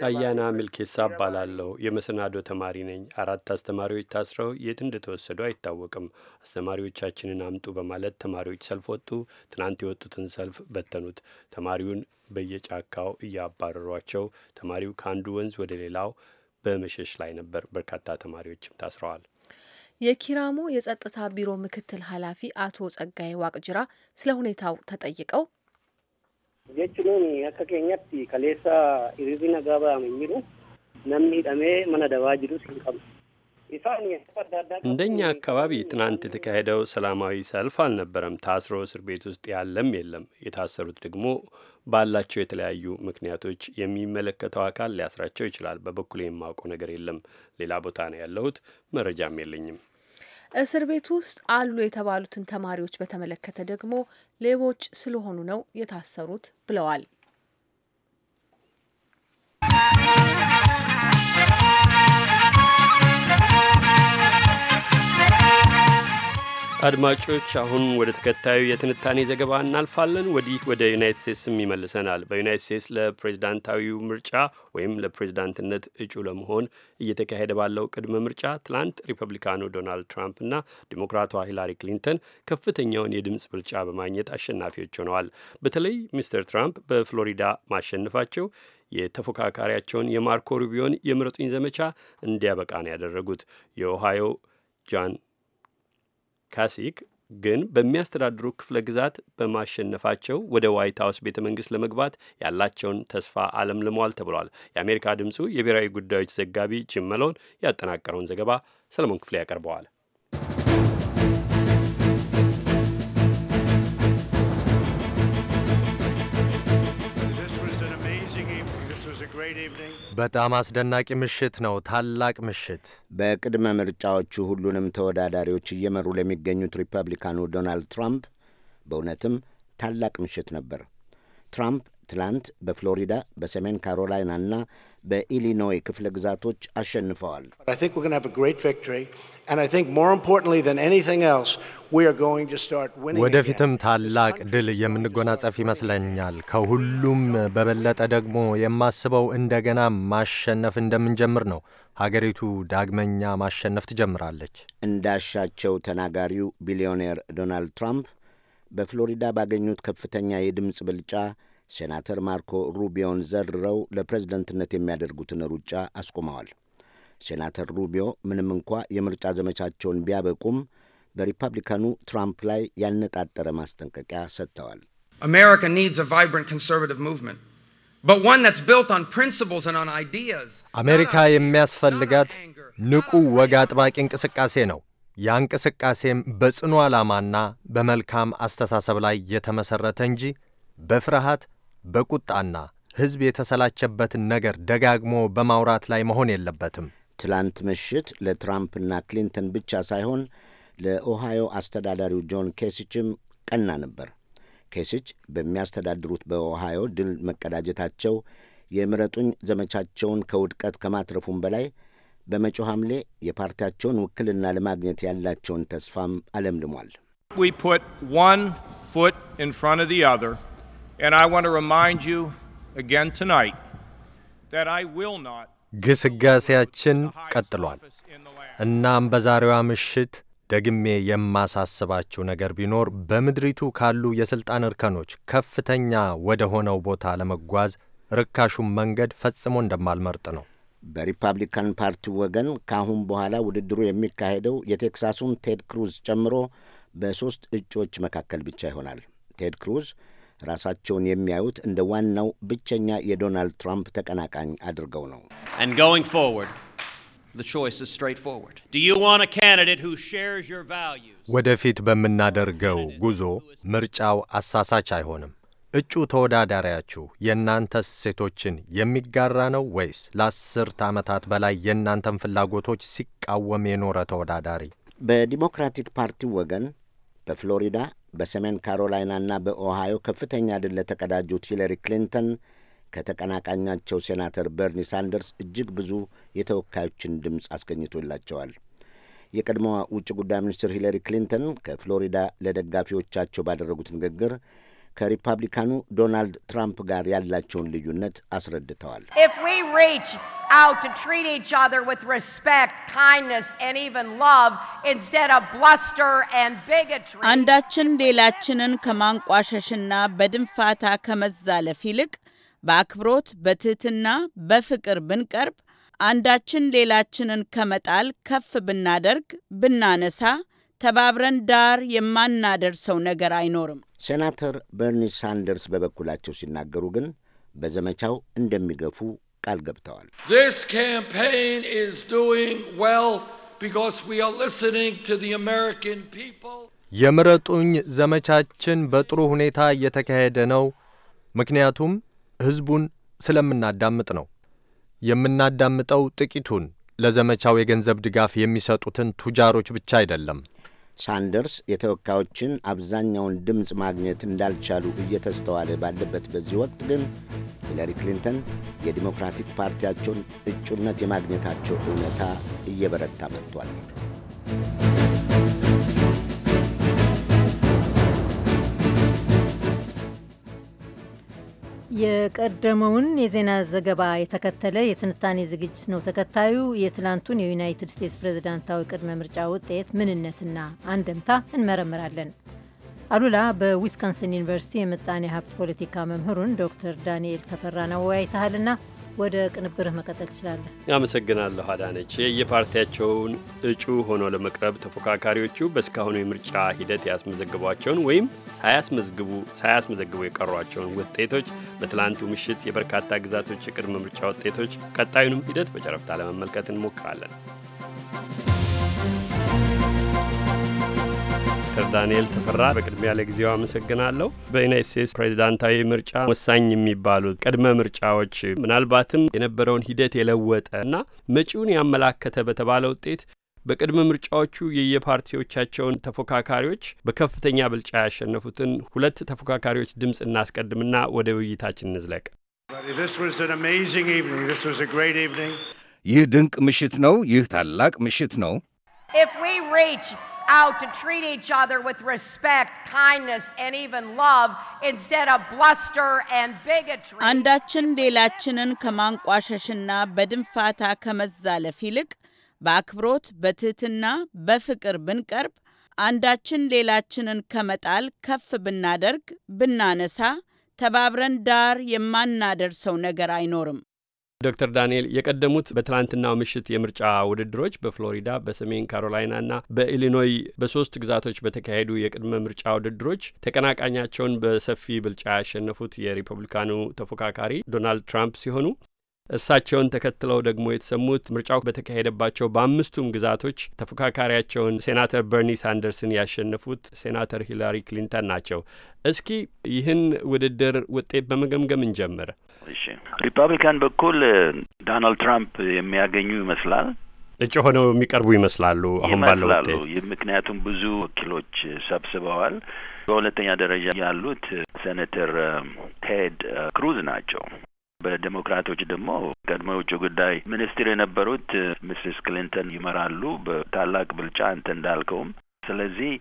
አያና ምልኬሳ እባላለሁ። የመሰናዶ ተማሪ ነኝ። አራት አስተማሪዎች ታስረው የት እንደተወሰዱ አይታወቅም። አስተማሪዎቻችንን አምጡ በማለት ተማሪዎች ሰልፍ ወጡ። ትናንት የወጡትን ሰልፍ በተኑት። ተማሪውን በየጫካው እያባረሯቸው፣ ተማሪው ከአንዱ ወንዝ ወደ ሌላው በመሸሽ ላይ ነበር። በርካታ ተማሪዎችም ታስረዋል። የኪራሞ የጸጥታ ቢሮ ምክትል ኃላፊ አቶ ጸጋዬ ዋቅጅራ ስለ ሁኔታው ተጠይቀው ጀችኑን አካ ኬኛት ከሌሳ ሪዚና ጋባም ምኝሩ ነምኒ ደሜ መነ ደባ ጅዱ ሲንቀም እንደኛ አካባቢ ትናንት የተካሄደው ሰላማዊ ሰልፍ አልነበረም። ታስሮ እስር ቤት ውስጥ ያለም የለም። የታሰሩት ደግሞ ባላቸው የተለያዩ ምክንያቶች የሚመለከተው አካል ሊያስራቸው ይችላል። በበኩሌ የማውቀው ነገር የለም። ሌላ ቦታ ነው ያለሁት። መረጃም የለኝም። እስር ቤት ውስጥ አሉ የተባሉትን ተማሪዎች በተመለከተ ደግሞ ሌቦች ስለሆኑ ነው የታሰሩት ብለዋል። አድማጮች አሁን ወደ ተከታዩ የትንታኔ ዘገባ እናልፋለን። ወዲህ ወደ ዩናይት ስቴትስም ይመልሰናል። በዩናይት ስቴትስ ለፕሬዚዳንታዊው ምርጫ ወይም ለፕሬዚዳንትነት እጩ ለመሆን እየተካሄደ ባለው ቅድመ ምርጫ ትላንት ሪፐብሊካኑ ዶናልድ ትራምፕና ዲሞክራቷ ሂላሪ ክሊንተን ከፍተኛውን የድምፅ ብልጫ በማግኘት አሸናፊዎች ሆነዋል። በተለይ ሚስተር ትራምፕ በፍሎሪዳ ማሸነፋቸው የተፎካካሪያቸውን የማርኮ ሩቢዮን የምረጡኝ ዘመቻ እንዲያበቃ ነው ያደረጉት። የኦሃዮ ጃን ካሲክ ግን በሚያስተዳድሩ ክፍለ ግዛት በማሸነፋቸው ወደ ዋይት ሀውስ ቤተ መንግስት ለመግባት ያላቸውን ተስፋ አለምልመዋል ተብሏል። የአሜሪካ ድምፁ የብሔራዊ ጉዳዮች ዘጋቢ ጅም መሎን ያጠናቀረውን ዘገባ ሰለሞን ክፍሌ ያቀርበዋል። በጣም አስደናቂ ምሽት ነው። ታላቅ ምሽት። በቅድመ ምርጫዎቹ ሁሉንም ተወዳዳሪዎች እየመሩ ለሚገኙት ሪፐብሊካኑ ዶናልድ ትራምፕ በእውነትም ታላቅ ምሽት ነበር። ትራምፕ ትላንት በፍሎሪዳ በሰሜን ካሮላይናና በኢሊኖይ ክፍለ ግዛቶች አሸንፈዋል። ወደፊትም ታላቅ ድል የምንጎናጸፍ ይመስለኛል። ከሁሉም በበለጠ ደግሞ የማስበው እንደገና ማሸነፍ እንደምንጀምር ነው። ሀገሪቱ ዳግመኛ ማሸነፍ ትጀምራለች። እንዳሻቸው ተናጋሪው ቢሊዮኔር ዶናልድ ትራምፕ በፍሎሪዳ ባገኙት ከፍተኛ የድምፅ ብልጫ ሴናተር ማርኮ ሩቢዮን ዘርረው ለፕሬዝደንትነት የሚያደርጉትን ሩጫ አስቁመዋል። ሴናተር ሩቢዮ ምንም እንኳ የምርጫ ዘመቻቸውን ቢያበቁም በሪፐብሊካኑ ትራምፕ ላይ ያነጣጠረ ማስጠንቀቂያ ሰጥተዋል። አሜሪካ ኒድስ አ ቫይብራንት ኮንሰርቫቲቭ ሙቭመንት አሜሪካ የሚያስፈልጋት ንቁ ወግ አጥባቂ እንቅስቃሴ ነው። ያ እንቅስቃሴም በጽኑ ዓላማና በመልካም አስተሳሰብ ላይ የተመሠረተ እንጂ በፍርሃት በቁጣና ሕዝብ የተሰላቸበትን ነገር ደጋግሞ በማውራት ላይ መሆን የለበትም። ትላንት ምሽት ለትራምፕና ክሊንተን ብቻ ሳይሆን ለኦሃዮ አስተዳዳሪው ጆን ኬሲችም ቀና ነበር። ኬሲች በሚያስተዳድሩት በኦሃዮ ድል መቀዳጀታቸው የምረጡኝ ዘመቻቸውን ከውድቀት ከማትረፉም በላይ በመጪው ሐምሌ የፓርቲያቸውን ውክልና ለማግኘት ያላቸውን ተስፋም አለምልሟል። And I want to remind you again tonight that I will not ግስጋሴያችን ቀጥሏል። እናም በዛሬዋ ምሽት ደግሜ የማሳስባችሁ ነገር ቢኖር በምድሪቱ ካሉ የሥልጣን እርከኖች ከፍተኛ ወደ ሆነው ቦታ ለመጓዝ ርካሹን መንገድ ፈጽሞ እንደማልመርጥ ነው። በሪፐብሊካን ፓርቲ ወገን ከአሁን በኋላ ውድድሩ የሚካሄደው የቴክሳሱን ቴድ ክሩዝ ጨምሮ በሦስት እጩዎች መካከል ብቻ ይሆናል። ቴድ ክሩዝ ራሳቸውን የሚያዩት እንደ ዋናው ብቸኛ የዶናልድ ትራምፕ ተቀናቃኝ አድርገው ነው። ወደፊት በምናደርገው ጉዞ ምርጫው አሳሳች አይሆንም። እጩ ተወዳዳሪያችሁ የእናንተ እሴቶችን የሚጋራ ነው ወይስ ለአስርት ዓመታት በላይ የእናንተን ፍላጎቶች ሲቃወም የኖረ ተወዳዳሪ? በዲሞክራቲክ ፓርቲ ወገን በፍሎሪዳ በሰሜን ካሮላይናና በኦሃዮ ከፍተኛ ድል ለተቀዳጁት ሂለሪ ክሊንተን ከተቀናቃኛቸው ሴናተር በርኒ ሳንደርስ እጅግ ብዙ የተወካዮችን ድምፅ አስገኝቶላቸዋል። የቀድሞዋ ውጭ ጉዳይ ሚኒስትር ሂለሪ ክሊንተን ከፍሎሪዳ ለደጋፊዎቻቸው ባደረጉት ንግግር ከሪፐብሊካኑ ዶናልድ ትራምፕ ጋር ያላቸውን ልዩነት አስረድተዋል። አንዳችን ሌላችንን ከማንቋሸሽና በድንፋታ ከመዛለፍ ይልቅ በአክብሮት በትህትና፣ በፍቅር ብንቀርብ አንዳችን ሌላችንን ከመጣል ከፍ ብናደርግ፣ ብናነሳ ተባብረን ዳር የማናደርሰው ነገር አይኖርም። ሴናተር በርኒ ሳንደርስ በበኩላቸው ሲናገሩ ግን በዘመቻው እንደሚገፉ ቃል ገብተዋል። የምረጡኝ ዘመቻችን በጥሩ ሁኔታ እየተካሄደ ነው፣ ምክንያቱም ሕዝቡን ስለምናዳምጥ ነው። የምናዳምጠው ጥቂቱን ለዘመቻው የገንዘብ ድጋፍ የሚሰጡትን ቱጃሮች ብቻ አይደለም። ሳንደርስ የተወካዮችን አብዛኛውን ድምፅ ማግኘት እንዳልቻሉ እየተስተዋለ ባለበት በዚህ ወቅት ግን ሂለሪ ክሊንተን የዲሞክራቲክ ፓርቲያቸውን እጩነት የማግኘታቸው እውነታ እየበረታ መጥቷል። የቀደመውን የዜና ዘገባ የተከተለ የትንታኔ ዝግጅት ነው። ተከታዩ የትላንቱን የዩናይትድ ስቴትስ ፕሬዝዳንታዊ ቅድመ ምርጫ ውጤት ምንነትና አንደምታ እንመረምራለን። አሉላ በዊስኮንሲን ዩኒቨርሲቲ የምጣኔ ሀብት ፖለቲካ መምህሩን ዶክተር ዳንኤል ተፈራን አወያይተሃልና ወደ ቅንብርህ መቀጠል ትችላለህ። አመሰግናለሁ አዳነች። የየፓርቲያቸውን እጩ ሆኖ ለመቅረብ ተፎካካሪዎቹ በእስካሁኑ የምርጫ ሂደት ያስመዘግቧቸውን ወይም ሳያስመዘግቡ የቀሯቸውን ውጤቶች በትላንቱ ምሽት የበርካታ ግዛቶች የቅድመ ምርጫ ውጤቶች፣ ቀጣዩንም ሂደት በጨረፍታ ለመመልከት እንሞክራለን። ዶክተር ዳንኤል ተፈራ በቅድሚያ ለጊዜው አመሰግናለሁ። በዩናይት ስቴትስ ፕሬዚዳንታዊ ምርጫ ወሳኝ የሚባሉት ቅድመ ምርጫዎች ምናልባትም የነበረውን ሂደት የለወጠ እና መጪውን ያመላከተ በተባለ ውጤት በቅድመ ምርጫዎቹ የየፓርቲዎቻቸውን ተፎካካሪዎች በከፍተኛ ብልጫ ያሸነፉትን ሁለት ተፎካካሪዎች ድምፅ እናስቀድምና ወደ ውይይታችን እንዝለቅ። ይህ ድንቅ ምሽት ነው። ይህ ታላቅ ምሽት ነው። out to treat each other with respect, kindness, and even love instead of bluster and bigotry. አንዳችን ሌላችንን ከማንቋሸሽና በድንፋታ ከመዛለፍ ይልቅ በአክብሮት በትህትና በፍቅር ብንቀርብ አንዳችን ሌላችንን ከመጣል ከፍ ብናደርግ ብናነሳ ተባብረን ዳር የማናደርሰው ነገር አይኖርም። ዶክተር ዳንኤል የቀደሙት በትላንትናው ምሽት የምርጫ ውድድሮች በፍሎሪዳ፣ በሰሜን ካሮላይና ና በኢሊኖይ በሶስት ግዛቶች በተካሄዱ የቅድመ ምርጫ ውድድሮች ተቀናቃኛቸውን በሰፊ ብልጫ ያሸነፉት የሪፐብሊካኑ ተፎካካሪ ዶናልድ ትራምፕ ሲሆኑ እርሳቸውን ተከትለው ደግሞ የተሰሙት ምርጫው በተካሄደባቸው በአምስቱም ግዛቶች ተፎካካሪያቸውን ሴናተር በርኒ ሳንደርስን ያሸነፉት ሴናተር ሂላሪ ክሊንተን ናቸው። እስኪ ይህን ውድድር ውጤት በመገምገም እንጀምር። እሺ፣ ሪፐብሊካን በኩል ዶናልድ ትራምፕ የሚያገኙ ይመስላል እጩ ሆነው የሚቀርቡ ይመስላሉ። አሁን ባለው ውጤት ምክንያቱም ብዙ ወኪሎች ሰብስበዋል። በሁለተኛ ደረጃ ያሉት ሴኔተር ቴድ ክሩዝ ናቸው። በዴሞክራቶች ደግሞ ቀድሞ የውጭ ጉዳይ ሚኒስትር የነበሩት ሚስስ ክሊንተን ይመራሉ በታላቅ ብልጫ አንተ እንዳልከውም። ስለዚህ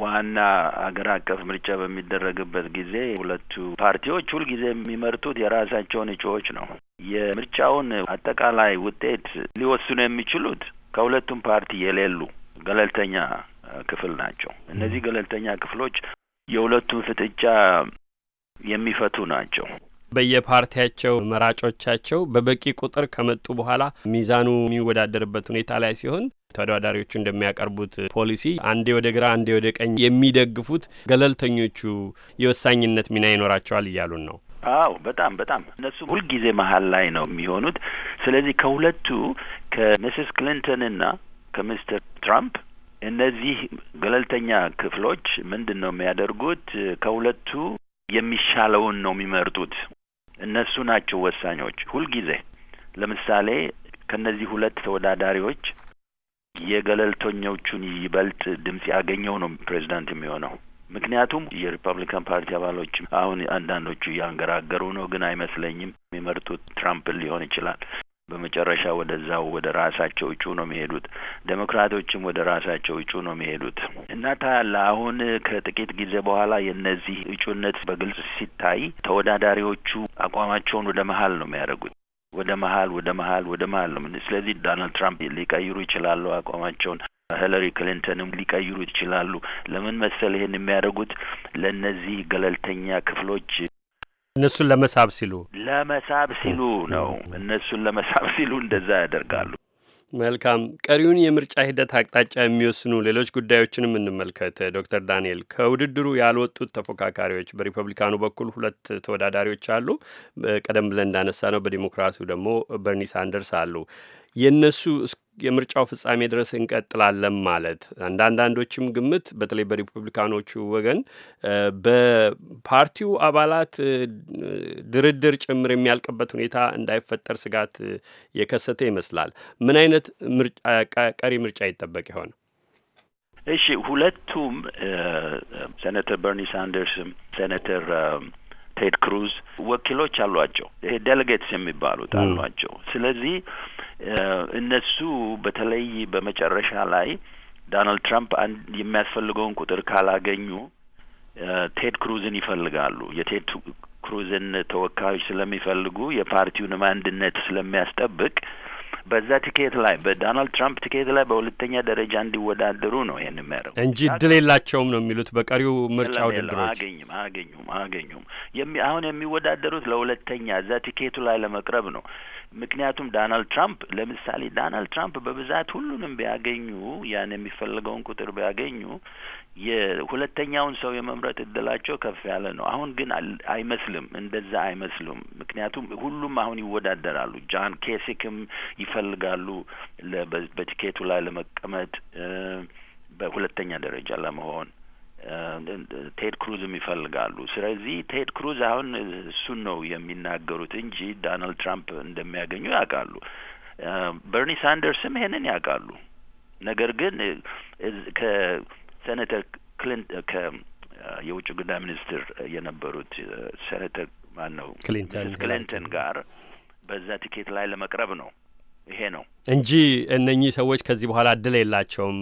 ዋና አገር አቀፍ ምርጫ በሚደረግበት ጊዜ ሁለቱ ፓርቲዎች ሁልጊዜ የሚመርጡት የራሳቸውን እጩዎች ነው። የምርጫውን አጠቃላይ ውጤት ሊወስኑ የሚችሉት ከሁለቱም ፓርቲ የሌሉ ገለልተኛ ክፍል ናቸው። እነዚህ ገለልተኛ ክፍሎች የሁለቱን ፍጥጫ የሚፈቱ ናቸው። በየፓርቲያቸው መራጮቻቸው በበቂ ቁጥር ከመጡ በኋላ ሚዛኑ የሚወዳደርበት ሁኔታ ላይ ሲሆን ተወዳዳሪዎቹ እንደሚያቀርቡት ፖሊሲ አንዴ ወደ ግራ አንዴ ወደ ቀኝ የሚደግፉት ገለልተኞቹ የወሳኝነት ሚና ይኖራቸዋል እያሉን ነው። አዎ በጣም በጣም እነሱ ሁልጊዜ መሀል ላይ ነው የሚሆኑት። ስለዚህ ከሁለቱ ከሚስስ ክሊንተንና ከሚስተር ትራምፕ እነዚህ ገለልተኛ ክፍሎች ምንድን ነው የሚያደርጉት? ከሁለቱ የሚሻለውን ነው የሚመርጡት። እነሱ ናቸው ወሳኞች ሁልጊዜ። ለምሳሌ ከነዚህ ሁለት ተወዳዳሪዎች የገለልተኞቹን ይበልጥ ድምጽ ያገኘው ነው ፕሬዚዳንት የሚሆነው። ምክንያቱም የሪፐብሊካን ፓርቲ አባሎች አሁን አንዳንዶቹ እያንገራገሩ ነው፣ ግን አይመስለኝም የሚመርጡት ትራምፕን ሊሆን ይችላል። በመጨረሻ ወደዛው ወደ ራሳቸው እጩ ነው የሚሄዱት። ዴሞክራቶችም ወደ ራሳቸው እጩ ነው የሚሄዱት እና ታያለ አሁን ከጥቂት ጊዜ በኋላ የእነዚህ እጩነት በግልጽ ሲታይ ተወዳዳሪዎቹ አቋማቸውን ወደ መሀል ነው የሚያደርጉት። ወደ መሀል ወደ መሀል ወደ መሀል ነው። ስለዚህ ዶናልድ ትራምፕ ሊቀይሩ ይችላሉ አቋማቸውን። ሂለሪ ክሊንተንም ሊቀይሩ ይችላሉ። ለምን መሰል ይሄን የሚያደርጉት ለእነዚህ ገለልተኛ ክፍሎች እነሱን ለመሳብ ሲሉ ለመሳብ ሲሉ ነው። እነሱን ለመሳብ ሲሉ እንደዛ ያደርጋሉ። መልካም። ቀሪውን የምርጫ ሂደት አቅጣጫ የሚወስኑ ሌሎች ጉዳዮችንም እንመልከት። ዶክተር ዳንኤል ከውድድሩ ያልወጡት ተፎካካሪዎች በሪፐብሊካኑ በኩል ሁለት ተወዳዳሪዎች አሉ። ቀደም ብለን እንዳነሳ ነው፣ በዲሞክራሲው ደግሞ በርኒ ሳንደርስ አሉ። የእነሱ የምርጫው ፍጻሜ ድረስ እንቀጥላለን ማለት አንዳንዳንዶችም ግምት በተለይ በሪፑብሊካኖቹ ወገን በፓርቲው አባላት ድርድር ጭምር የሚያልቅበት ሁኔታ እንዳይፈጠር ስጋት የከሰተ ይመስላል። ምን አይነት ቀሪ ምርጫ ይጠበቅ ይሆን? እሺ ሁለቱም ሴኔተር በርኒ ሳንደርስም ሴኔተር ቴድ ክሩዝ ወኪሎች አሏቸው፣ ይሄ ዴሌጌትስ የሚባሉት አሏቸው። ስለዚህ እነሱ በተለይ በመጨረሻ ላይ ዶናልድ ትራምፕ አንድ የሚያስፈልገውን ቁጥር ካላገኙ ቴድ ክሩዝን ይፈልጋሉ። የቴድ ክሩዝን ተወካዮች ስለሚፈልጉ የፓርቲውንም አንድነት ስለሚያስጠብቅ በዛ ቲኬት ላይ በዶናልድ ትራምፕ ቲኬት ላይ በሁለተኛ ደረጃ እንዲወዳደሩ ነው ይህን የሚያደርጉ እንጂ እድል የላቸውም ነው የሚሉት። በቀሪው ምርጫ ውድድሮች አገኝም አገኙም አገኙም አሁን የሚወዳደሩት ለሁለተኛ እዛ ቲኬቱ ላይ ለመቅረብ ነው። ምክንያቱም ዳናልድ ትራምፕ ለምሳሌ ዳናልድ ትራምፕ በብዛት ሁሉንም ቢያገኙ ያን የሚፈልገውን ቁጥር ቢያገኙ የሁለተኛውን ሰው የመምረጥ እድላቸው ከፍ ያለ ነው። አሁን ግን አይመስልም፣ እንደዛ አይመስሉም። ምክንያቱም ሁሉም አሁን ይወዳደራሉ። ጃን ኬሲክም ይፈልጋሉ በቲኬቱ ላይ ለመቀመጥ በሁለተኛ ደረጃ ለመሆን ቴድ ክሩዝም ይፈልጋሉ። ስለዚህ ቴድ ክሩዝ አሁን እሱን ነው የሚናገሩት እንጂ ዶናልድ ትራምፕ እንደሚያገኙ ያውቃሉ። በርኒ ሳንደርስም ይሄንን ያውቃሉ። ነገር ግን ከሴኔተር ክሊንተን ከየውጭ ጉዳይ ሚኒስትር የነበሩት ሴኔተር ማን ነው ክሊንተን ጋር በዛ ቲኬት ላይ ለመቅረብ ነው ይሄ ነው እንጂ እነኚህ ሰዎች ከዚህ በኋላ እድል የላቸውም።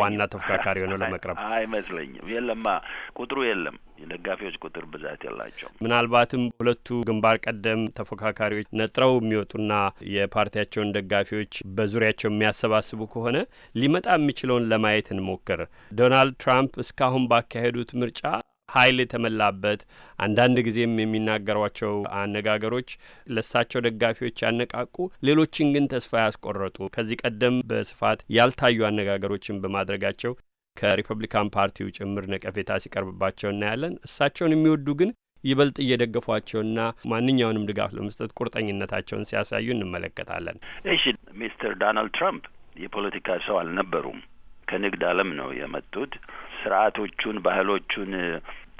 ዋና ተፎካካሪ ሆነው ለመቅረብ አይመስለኝም። የለማ ቁጥሩ የለም። የደጋፊዎች ቁጥር ብዛት የላቸው። ምናልባትም ሁለቱ ግንባር ቀደም ተፎካካሪዎች ነጥረው የሚወጡና የፓርቲያቸውን ደጋፊዎች በዙሪያቸው የሚያሰባስቡ ከሆነ ሊመጣ የሚችለውን ለማየት እንሞክር። ዶናልድ ትራምፕ እስካሁን ባካሄዱት ምርጫ ኃይል የተመላበት አንዳንድ ጊዜም የሚናገሯቸው አነጋገሮች ለሳቸው ደጋፊዎች ያነቃቁ፣ ሌሎችን ግን ተስፋ ያስቆረጡ ከዚህ ቀደም በስፋት ያልታዩ አነጋገሮችን በማድረጋቸው ከሪፐብሊካን ፓርቲው ጭምር ነቀፌታ ሲቀርብባቸው እናያለን። እሳቸውን የሚወዱ ግን ይበልጥ እየደገፏቸውና ማንኛውንም ድጋፍ ለመስጠት ቁርጠኝነታቸውን ሲያሳዩ እንመለከታለን። እሺ፣ ሚስተር ዶናልድ ትራምፕ የፖለቲካ ሰው አልነበሩም። ከንግድ ዓለም ነው የመጡት። ስርዓቶቹን፣ ባህሎቹን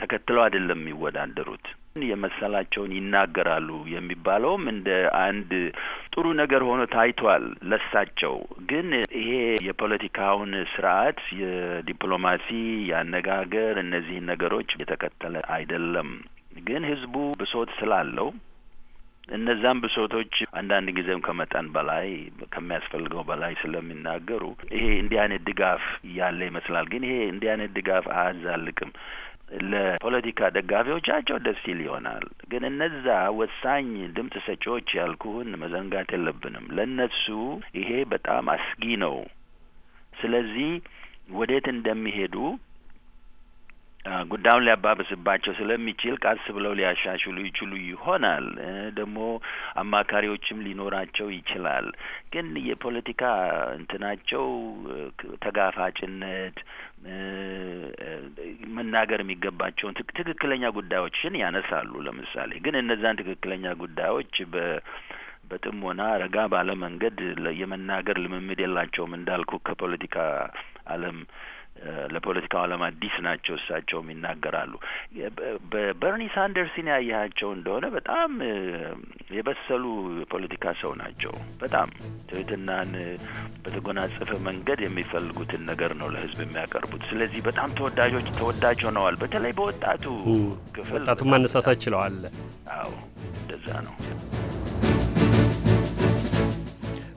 ተከትለው አይደለም የሚወዳደሩት። የመሰላቸውን ይናገራሉ የሚባለውም እንደ አንድ ጥሩ ነገር ሆኖ ታይቷል ለሳቸው። ግን ይሄ የፖለቲካውን ስርዓት፣ የዲፕሎማሲ፣ የአነጋገር እነዚህን ነገሮች የተከተለ አይደለም። ግን ህዝቡ ብሶት ስላለው እነዛም ብሶቶች አንዳንድ ጊዜም ከመጠን በላይ ከሚያስፈልገው በላይ ስለሚናገሩ ይሄ እንዲህ አይነት ድጋፍ ያለ ይመስላል። ግን ይሄ እንዲህ አይነት ድጋፍ አያዛልቅም። ለፖለቲካ ደጋፊዎቻቸው ደስ ይል ይሆናል። ግን እነዛ ወሳኝ ድምጽ ሰጪዎች ያልኩህን መዘንጋት የለብንም። ለእነሱ ይሄ በጣም አስጊ ነው። ስለዚህ ወዴት እንደሚሄዱ ጉዳዩን ሊያባብስባቸው ስለሚችል ቃስ ብለው ሊያሻሽሉ ይችሉ ይሆናል። ደግሞ አማካሪዎችም ሊኖራቸው ይችላል። ግን የፖለቲካ እንትናቸው ተጋፋጭነት መናገር የሚገባቸውን ትክክለኛ ጉዳዮችን ያነሳሉ። ለምሳሌ ግን እነዛን ትክክለኛ ጉዳዮች በ በጥሞና ረጋ ባለ መንገድ የመናገር ልምምድ የላቸውም። እንዳልኩ ከፖለቲካ አለም ለፖለቲካው ዓለም አዲስ ናቸው። እሳቸውም ይናገራሉ። በበርኒ ሳንደርስን ያየሃቸው እንደሆነ በጣም የበሰሉ የፖለቲካ ሰው ናቸው። በጣም ትህትናን በተጎናጸፈ መንገድ የሚፈልጉትን ነገር ነው ለህዝብ የሚያቀርቡት። ስለዚህ በጣም ተወዳጆች ተወዳጅ ሆነዋል። በተለይ በወጣቱ ክፍል ወጣቱ ማነሳሳት ችለዋል። አዎ እንደዛ ነው።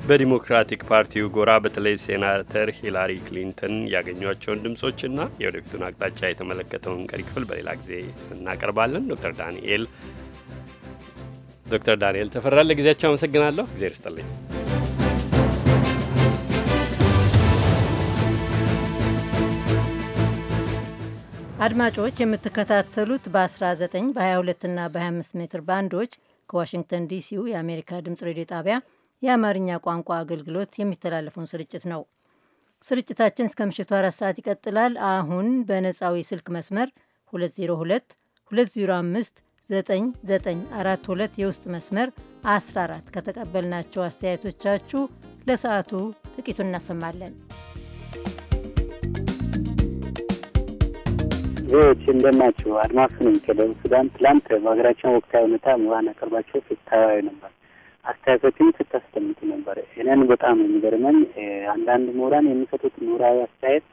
በዲሞክራቲክ ፓርቲው ጎራ በተለይ ሴናተር ሂላሪ ክሊንተን ያገኟቸውን ድምጾችና የወደፊቱን አቅጣጫ የተመለከተውን ቀሪ ክፍል በሌላ ጊዜ እናቀርባለን። ዶክተር ዳንኤል ዶክተር ዳንኤል ተፈራ ለጊዜያቸው አመሰግናለሁ። እግዜር ይስጥልኝ። አድማጮች የምትከታተሉት በ19 በ22 እና በ25 ሜትር ባንዶች ከዋሽንግተን ዲሲው የአሜሪካ ድምፅ ሬዲዮ ጣቢያ የአማርኛ ቋንቋ አገልግሎት የሚተላለፈውን ስርጭት ነው። ስርጭታችን እስከ ምሽቱ አራት ሰዓት ይቀጥላል። አሁን በነፃው የስልክ መስመር 202 205 9942 የውስጥ መስመር 14 ከተቀበልናቸው አስተያየቶቻችሁ ለሰዓቱ ጥቂቱን እናሰማለን። ዜዎች እንደምናችሁ። አድማስ ነው። ከደቡብ ሱዳን። ትላንት በሀገራችን ወቅታዊ ሁኔታ ዋና ቀርባቸው ፍትሐዊ ነበር አስተያየቶችን ስታስደምጥ ነበር። እኔን በጣም የሚገርመኝ አንዳንድ ምሁራን የሚሰጡት ምሁራዊ አስተያየት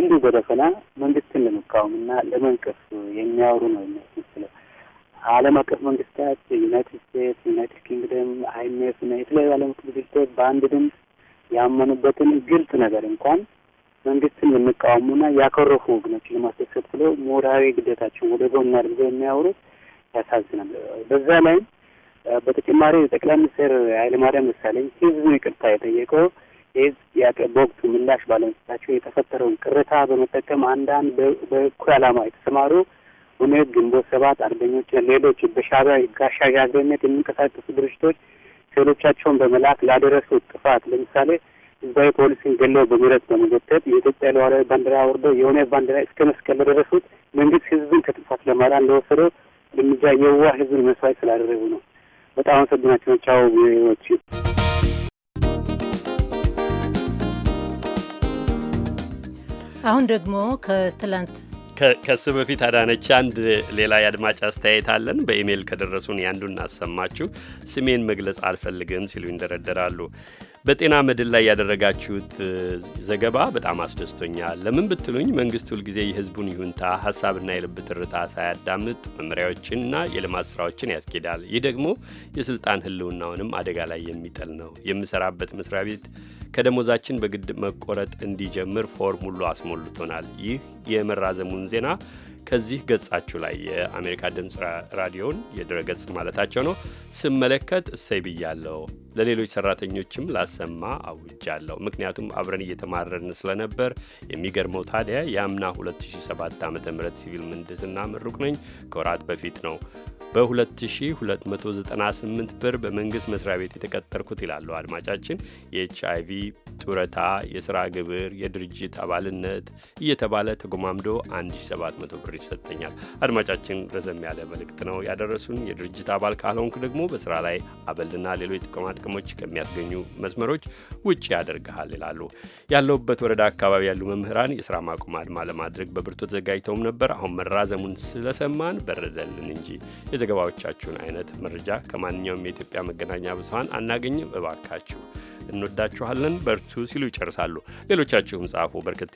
እንዲሁ በደፈና መንግስትን ለመቃወም ለመቃወምና ለመንቀፍ የሚያወሩ ነው የሚያስመስለው። ዓለም አቀፍ መንግስታት፣ ዩናይትድ ስቴትስ፣ ዩናይትድ ኪንግደም፣ አይ ኤም ኤፍ እና የተለያዩ ዓለም ድርጅቶች በአንድ ድምፅ ያመኑበትን ግልጽ ነገር እንኳን መንግስትን የሚቃወሙና ያኮረፉ ወገኖች ለማስደሰት ብለው ምሁራዊ ግዴታቸውን ወደ ጎን አድርገው የሚያወሩት ያሳዝናል። በዛ ላይም በተጨማሪ ጠቅላይ ሚኒስትር ኃይለማርያም ደሳለኝ ህዝቡ ይቅርታ የጠየቀው ህዝብ በወቅቱ ምላሽ ባለመስጠታቸው የተፈጠረውን ቅሬታ በመጠቀም አንዳንድ በእኩል ዓላማ የተሰማሩ ሁኔት ግንቦት ሰባት አርበኞች፣ ሌሎች በሻቢያ ህግ አሻጋሪነት የሚንቀሳቀሱ ድርጅቶች ሴሎቻቸውን በመላክ ላደረሱት ጥፋት ለምሳሌ ህዝባዊ ፖሊሲን ገለው በምህረት በመጎተት የኢትዮጵያ ሉዓላዊ ባንዲራ ወርዶ የሆነ ባንዲራ እስከ መስቀል ለደረሱት መንግስት ህዝብን ከጥፋት ለማዳን ለወሰደው እርምጃ የዋህ ህዝብን መስዋዕት ስላደረጉ ነው። በጣም አመሰግናቸው። ቻው ዎች አሁን ደግሞ ከትላንት ከሱ በፊት አዳነች አንድ ሌላ የአድማጭ አስተያየት አለን። በኢሜይል ከደረሱን ያንዱ እናሰማችሁ። ስሜን መግለጽ አልፈልግም ሲሉ ይንደረደራሉ። በጤና መድን ላይ ያደረጋችሁት ዘገባ በጣም አስደስቶኛል። ለምን ብትሉኝ መንግስት ሁልጊዜ የህዝቡን ይሁንታ ሀሳብና የልብ ትርታ ሳያዳምጥ መመሪያዎችንና የልማት ስራዎችን ያስኬዳል። ይህ ደግሞ የስልጣን ህልውናውንም አደጋ ላይ የሚጥል ነው። የምሰራበት መስሪያ ቤት ከደሞዛችን በግድ መቆረጥ እንዲጀምር ፎርም ሁሉ አስሞልቶናል። ይህ የመራዘሙን ዜና ከዚህ ገጻችሁ ላይ የአሜሪካ ድምፅ ራዲዮን የድረገጽ ማለታቸው ነው ስመለከት እሰይ ብያለሁ። ለሌሎች ሰራተኞችም ላሰማ አውጃለሁ። ምክንያቱም አብረን እየተማረን ስለነበር። የሚገርመው ታዲያ የአምና 2007 ዓ ም ሲቪል ምህንድስና ምሩቅ ነኝ። ከወራት በፊት ነው በ2298 ብር በመንግሥት መስሪያ ቤት የተቀጠርኩት ይላሉ አድማጫችን። የኤች አይቪ ጡረታ፣ የሥራ ግብር፣ የድርጅት አባልነት እየተባለ ተጎማምዶ 1700 ብር ይሰጠኛል። አድማጫችን ረዘም ያለ መልእክት ነው ያደረሱን። የድርጅት አባል ካልሆንክ ደግሞ በሥራ ላይ አበልና ሌሎች ጥቅማ ጥቅሞች ከሚያስገኙ መስመሮች ውጭ ያደርግሃል ይላሉ። ያለውበት ወረዳ አካባቢ ያሉ መምህራን የስራ ማቆም አድማ ለማድረግ በብርቱ ተዘጋጅተውም ነበር። አሁን መራዘሙን ስለሰማን በረደልን እንጂ የዘገባዎቻችሁን አይነት መረጃ ከማንኛውም የኢትዮጵያ መገናኛ ብዙሀን አናገኝም። እባካችሁ እንወዳችኋለን፣ በርቱ ሲሉ ይጨርሳሉ። ሌሎቻችሁም ጻፉ። በርከት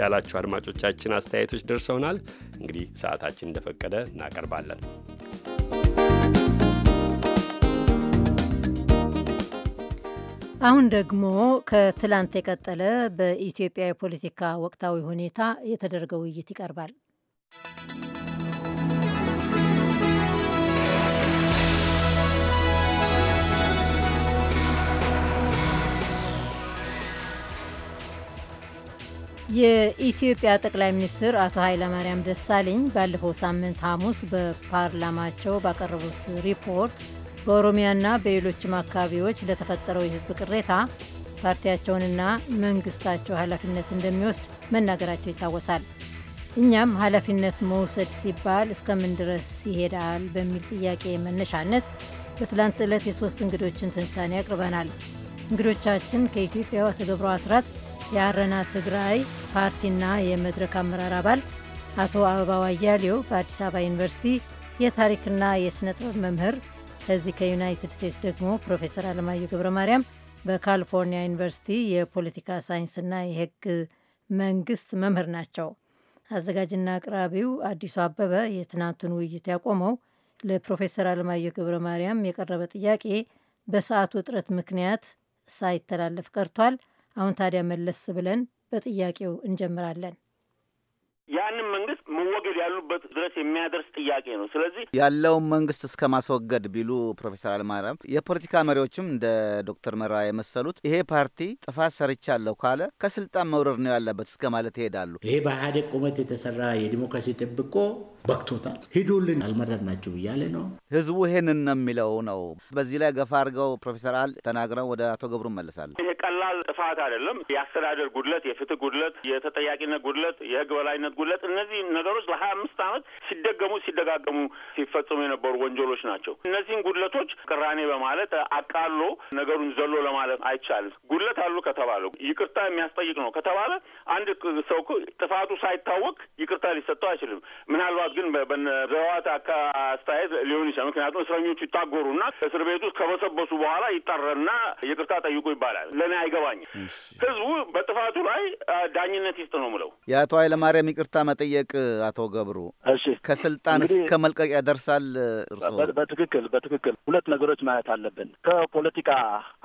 ያላችሁ አድማጮቻችን አስተያየቶች ደርሰውናል። እንግዲህ ሰዓታችን እንደፈቀደ እናቀርባለን። አሁን ደግሞ ከትላንት የቀጠለ በኢትዮጵያ የፖለቲካ ወቅታዊ ሁኔታ የተደረገ ውይይት ይቀርባል። የኢትዮጵያ ጠቅላይ ሚኒስትር አቶ ኃይለማርያም ደሳለኝ ባለፈው ሳምንት ሐሙስ በፓርላማቸው ባቀረቡት ሪፖርት በኦሮሚያና በሌሎችም አካባቢዎች ለተፈጠረው የህዝብ ቅሬታ ፓርቲያቸውንና መንግስታቸው ኃላፊነት እንደሚወስድ መናገራቸው ይታወሳል። እኛም ኃላፊነት መውሰድ ሲባል እስከምን ድረስ ይሄዳል በሚል ጥያቄ መነሻነት በትላንት ዕለት የሶስት እንግዶችን ትንታኔ አቅርበናል። እንግዶቻችን ከኢትዮጵያ አቶ ገብሩ አስራት የአረና ትግራይ ፓርቲና የመድረክ አመራር አባል፣ አቶ አበባው አያሌው በአዲስ አበባ ዩኒቨርሲቲ የታሪክና የሥነ ጥበብ መምህር ከዚህ ከዩናይትድ ስቴትስ ደግሞ ፕሮፌሰር አለማየሁ ገብረ ማርያም በካሊፎርኒያ ዩኒቨርሲቲ የፖለቲካ ሳይንስና የህግ መንግስት መምህር ናቸው። አዘጋጅና አቅራቢው አዲሱ አበበ የትናንቱን ውይይት ያቆመው ለፕሮፌሰር አለማየሁ ገብረ ማርያም የቀረበ ጥያቄ በሰዓቱ እጥረት ምክንያት ሳይተላለፍ ቀርቷል። አሁን ታዲያ መለስ ብለን በጥያቄው እንጀምራለን። ያንም መንግስት መወገድ ያሉበት ድረስ የሚያደርስ ጥያቄ ነው። ስለዚህ ያለውን መንግስት እስከ ማስወገድ ቢሉ ፕሮፌሰር አልማራም የፖለቲካ መሪዎችም እንደ ዶክተር መራ የመሰሉት ይሄ ፓርቲ ጥፋት ሰርቻለሁ ካለ ከስልጣን መውረድ ነው ያለበት እስከ ማለት ይሄዳሉ። ይሄ በኢህአዴግ ቁመት የተሰራ የዲሞክራሲ ጥብቆ በክቶታል። ሂዱልን አልመረድናችሁ እያለ ነው ህዝቡ። ይሄንን ነው የሚለው ነው። በዚህ ላይ ገፋ አድርገው ፕሮፌሰር አል ተናግረው ወደ አቶ ገብሩ እመለሳለሁ። ይሄ ቀላል ጥፋት አይደለም። የአስተዳደር ጉድለት፣ የፍትህ ጉድለት፣ የተጠያቂነት ጉድለት፣ የህግ በላይነት ጉድለት እነዚህ ነገሮች ለሀያ አምስት ዓመት ሲደገሙ ሲደጋገሙ ሲፈጽሙ የነበሩ ወንጀሎች ናቸው። እነዚህን ጉድለቶች ቅራኔ በማለት አቃሎ ነገሩን ዘሎ ለማለት አይቻልም። ጉድለት አሉ ከተባለ ይቅርታ የሚያስጠይቅ ነው ከተባለ አንድ ሰው ጥፋቱ ሳይታወቅ ይቅርታ ሊሰጠው አይችልም። ምናልባት ግን በዘዋት አስተያየት ሊሆን ይችላል። ምክንያቱም እስረኞቹ ይታጎሩና እስር ቤት ውስጥ ከበሰበሱ በኋላ ይጠረና ይቅርታ ጠይቁ ይባላል። ለእኔ አይገባኝም። ህዝቡ በጥፋቱ ላይ ዳኝነት ይስጥ ነው ምለው። የአቶ ኃይለማርያም ይቅርታ መጠየቅ አቶ ገ ገብሩ ከስልጣን እስከ መልቀቅ ያደርሳል። እርስዎ በትክክል በትክክል ሁለት ነገሮች ማየት አለብን። ከፖለቲካ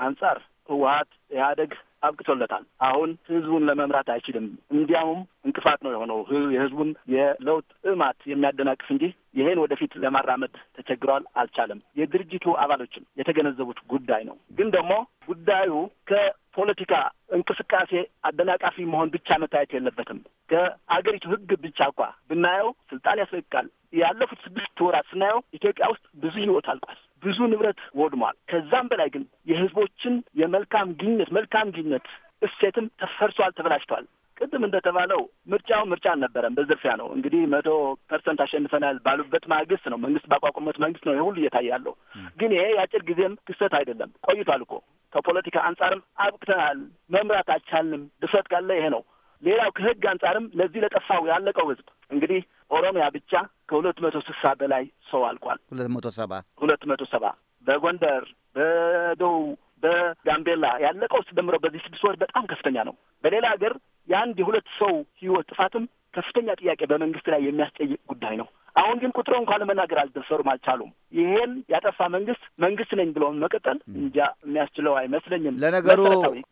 አንጻር ህወሀት ኢህአደግ አብቅቶለታል። አሁን ህዝቡን ለመምራት አይችልም። እንዲያውም እንቅፋት ነው የሆነው። የህዝቡን የለውጥ እማት የሚያደናቅፍ እንጂ ይህን ወደፊት ለማራመድ ተቸግሯል፣ አልቻለም። የድርጅቱ አባሎችም የተገነዘቡት ጉዳይ ነው። ግን ደግሞ ጉዳዩ ከፖለቲካ እንቅስቃሴ አደናቃፊ መሆን ብቻ መታየት የለበትም። ከአገሪቱ ህግ ብቻ እኳ ብናየው ስልጣን ያስለቅቃል። ያለፉት ስድስት ወራት ስናየው ኢትዮጵያ ውስጥ ብዙ ህይወት አልቋል። ብዙ ንብረት ወድሟል። ከዛም በላይ ግን የህዝቦችን የመልካም ግኝነት መልካም ግኝነት እሴትም ተፈርሷል፣ ተበላሽቷል። ቅድም እንደተባለው ምርጫው ምርጫ አልነበረም፣ በዝርፊያ ነው። እንግዲህ መቶ ፐርሰንት አሸንፈናል ባሉበት ማግስት ነው መንግስት ባቋቋመት መንግስት ነው የሁሉ እየታየ ያለው። ግን ይሄ የአጭር ጊዜም ክስተት አይደለም፣ ቆይቷል እኮ ከፖለቲካ አንጻርም አብቅተናል፣ መምራት አልቻልንም፣ ድፍረት ካለ ይሄ ነው። ሌላው ከህግ አንጻርም ለዚህ ለጠፋው ያለቀው ህዝብ እንግዲህ ኦሮሚያ ብቻ ከሁለት መቶ ስልሳ በላይ ሰው አልቋል። ሁለት መቶ ሰባ ሁለት መቶ ሰባ በጎንደር በደቡብ በጋምቤላ ያለቀው ስትደምረ በዚህ ስድስት ወር በጣም ከፍተኛ ነው። በሌላ ሀገር የአንድ የሁለት ሰው ህይወት ጥፋትም ከፍተኛ ጥያቄ በመንግስት ላይ የሚያስጠይቅ ጉዳይ ነው። አሁን ግን ቁጥሩ እንኳን ለመናገር አልደፈሩም፣ አልቻሉም። ይሄን ያጠፋ መንግስት መንግስት ነኝ ብለውን መቀጠል እንጃ የሚያስችለው አይመስለኝም። ለነገሩ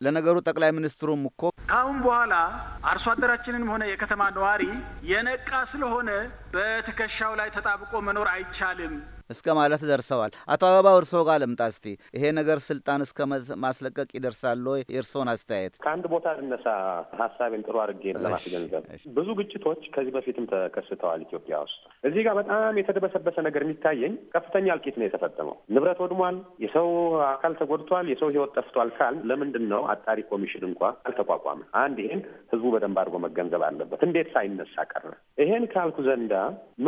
ለነገሩ ጠቅላይ ሚኒስትሩም እኮ ከአሁን በኋላ አርሶ አደራችንም ሆነ የከተማ ነዋሪ የነቃ ስለሆነ በትከሻው ላይ ተጣብቆ መኖር አይቻልም እስከ ማለት ደርሰዋል። አቶ አበባ እርስዎ ጋር ልምጣ እስቲ። ይሄ ነገር ስልጣን እስከ ማስለቀቅ ይደርሳል ወይ? የእርስዎን አስተያየት ከአንድ ቦታ ልነሳ፣ ሀሳቤን ጥሩ አድርጌ ለማስገንዘብ። ብዙ ግጭቶች ከዚህ በፊትም ተከስተዋል ኢትዮጵያ ውስጥ። እዚህ ጋር በጣም የተደበሰበሰ ነገር የሚታየኝ ከፍተኛ እልቂት ነው የተፈጸመው። ንብረት ወድሟል፣ የሰው አካል ተጎድቷል፣ የሰው ህይወት ጠፍቷል ካል ለምንድን ነው አጣሪ ኮሚሽን እንኳ አልተቋቋመ? አንድ ይሄን ህዝቡ በደንብ አድርጎ መገንዘብ አለበት። እንዴት ሳይነሳ ቀረ? ይሄን ካልኩ ዘንዳ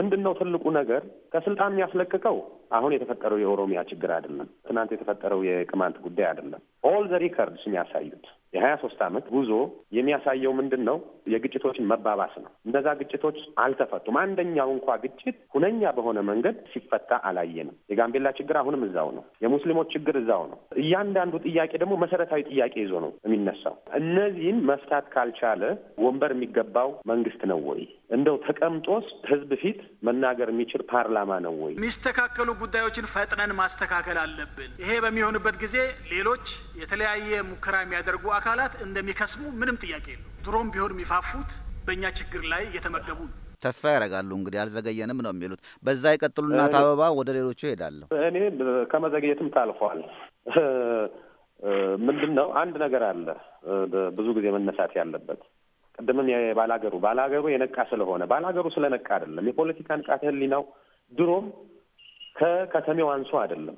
ምንድን ነው ትልቁ ነገር ከስልጣን የሚያስለቅቀው የተፈጠረው አሁን የተፈጠረው የኦሮሚያ ችግር አይደለም፣ ትናንት የተፈጠረው የቅማንት ጉዳይ አይደለም። ኦል ዘ ሪከርድስ የሚያሳዩት የሀያ ሶስት ዓመት ጉዞ የሚያሳየው ምንድን ነው? የግጭቶችን መባባስ ነው። እነዛ ግጭቶች አልተፈቱም። አንደኛው እንኳ ግጭት ሁነኛ በሆነ መንገድ ሲፈታ አላየንም። የጋምቤላ ችግር አሁንም እዛው ነው። የሙስሊሞች ችግር እዛው ነው። እያንዳንዱ ጥያቄ ደግሞ መሰረታዊ ጥያቄ ይዞ ነው የሚነሳው። እነዚህን መፍታት ካልቻለ ወንበር የሚገባው መንግስት ነው ወይ? እንደው ተቀምጦስ ህዝብ ፊት መናገር የሚችል ፓርላማ ነው ወይ? የሚስተካከሉ ጉዳዮችን ፈጥነን ማስተካከል አለብን። ይሄ በሚሆንበት ጊዜ ሌሎች የተለያየ ሙከራ የሚያደርጉ አካላት እንደሚከስሙ ምንም ጥያቄ የለው። ድሮም ቢሆን የሚፋፉት በእኛ ችግር ላይ እየተመገቡ ነው። ተስፋ ያደርጋሉ እንግዲህ አልዘገየንም ነው የሚሉት። በዛ ይቀጥሉ። አበባ ወደ ሌሎቹ ይሄዳለሁ። እኔ ከመዘግየትም ታልፏል። ምንድን ነው አንድ ነገር አለ ብዙ ጊዜ መነሳት ያለበት ቅድምም ባላገሩ ባላገሩ የነቃ ስለሆነ ባላገሩ ስለነቃ አይደለም። የፖለቲካ ንቃተ ህሊናው ድሮም ከከተሜው አንሶ አይደለም።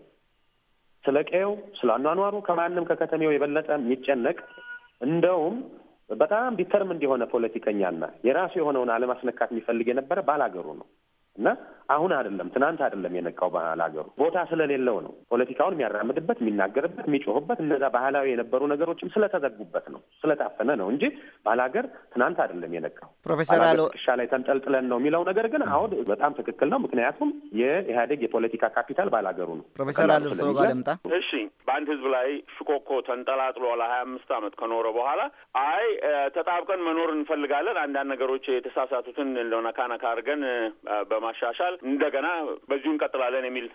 ስለ ቀየው ስለ አኗኗሩ ከማንም ከከተሜው የበለጠ የሚጨነቅ እንደውም በጣም ዲተርም እንዲሆነ ፖለቲከኛና የራሱ የሆነውን አለማስነካት የሚፈልግ የነበረ ባላገሩ ነው። እና አሁን አይደለም ትናንት አይደለም የነቃው ባህል ሀገሩ ቦታ ስለሌለው ነው። ፖለቲካውን የሚያራምድበት የሚናገርበት፣ የሚጮህበት እነዛ ባህላዊ የነበሩ ነገሮችም ስለተዘጉበት ነው ስለታፈነ ነው እንጂ ባህል ሀገር ትናንት አይደለም የነቃው። ፕሮፌሰር አሎ ቅሻ ላይ ተንጠልጥለን ነው የሚለው ነገር ግን አሁን በጣም ትክክል ነው። ምክንያቱም የኢህአዴግ የፖለቲካ ካፒታል ባህል ሀገሩ ነው። ፕሮፌሰር አሎ ሰው ጋር ልምጣ። እሺ በአንድ ህዝብ ላይ ሽኮኮ ተንጠላጥሎ ለሀያ አምስት አመት ከኖረ በኋላ አይ ተጣብቀን መኖር እንፈልጋለን አንዳንድ ነገሮች የተሳሳቱትን ለነካነካ አድርገን በማሻሻል እንደገና በዚሁ እንቀጥላለን የሚል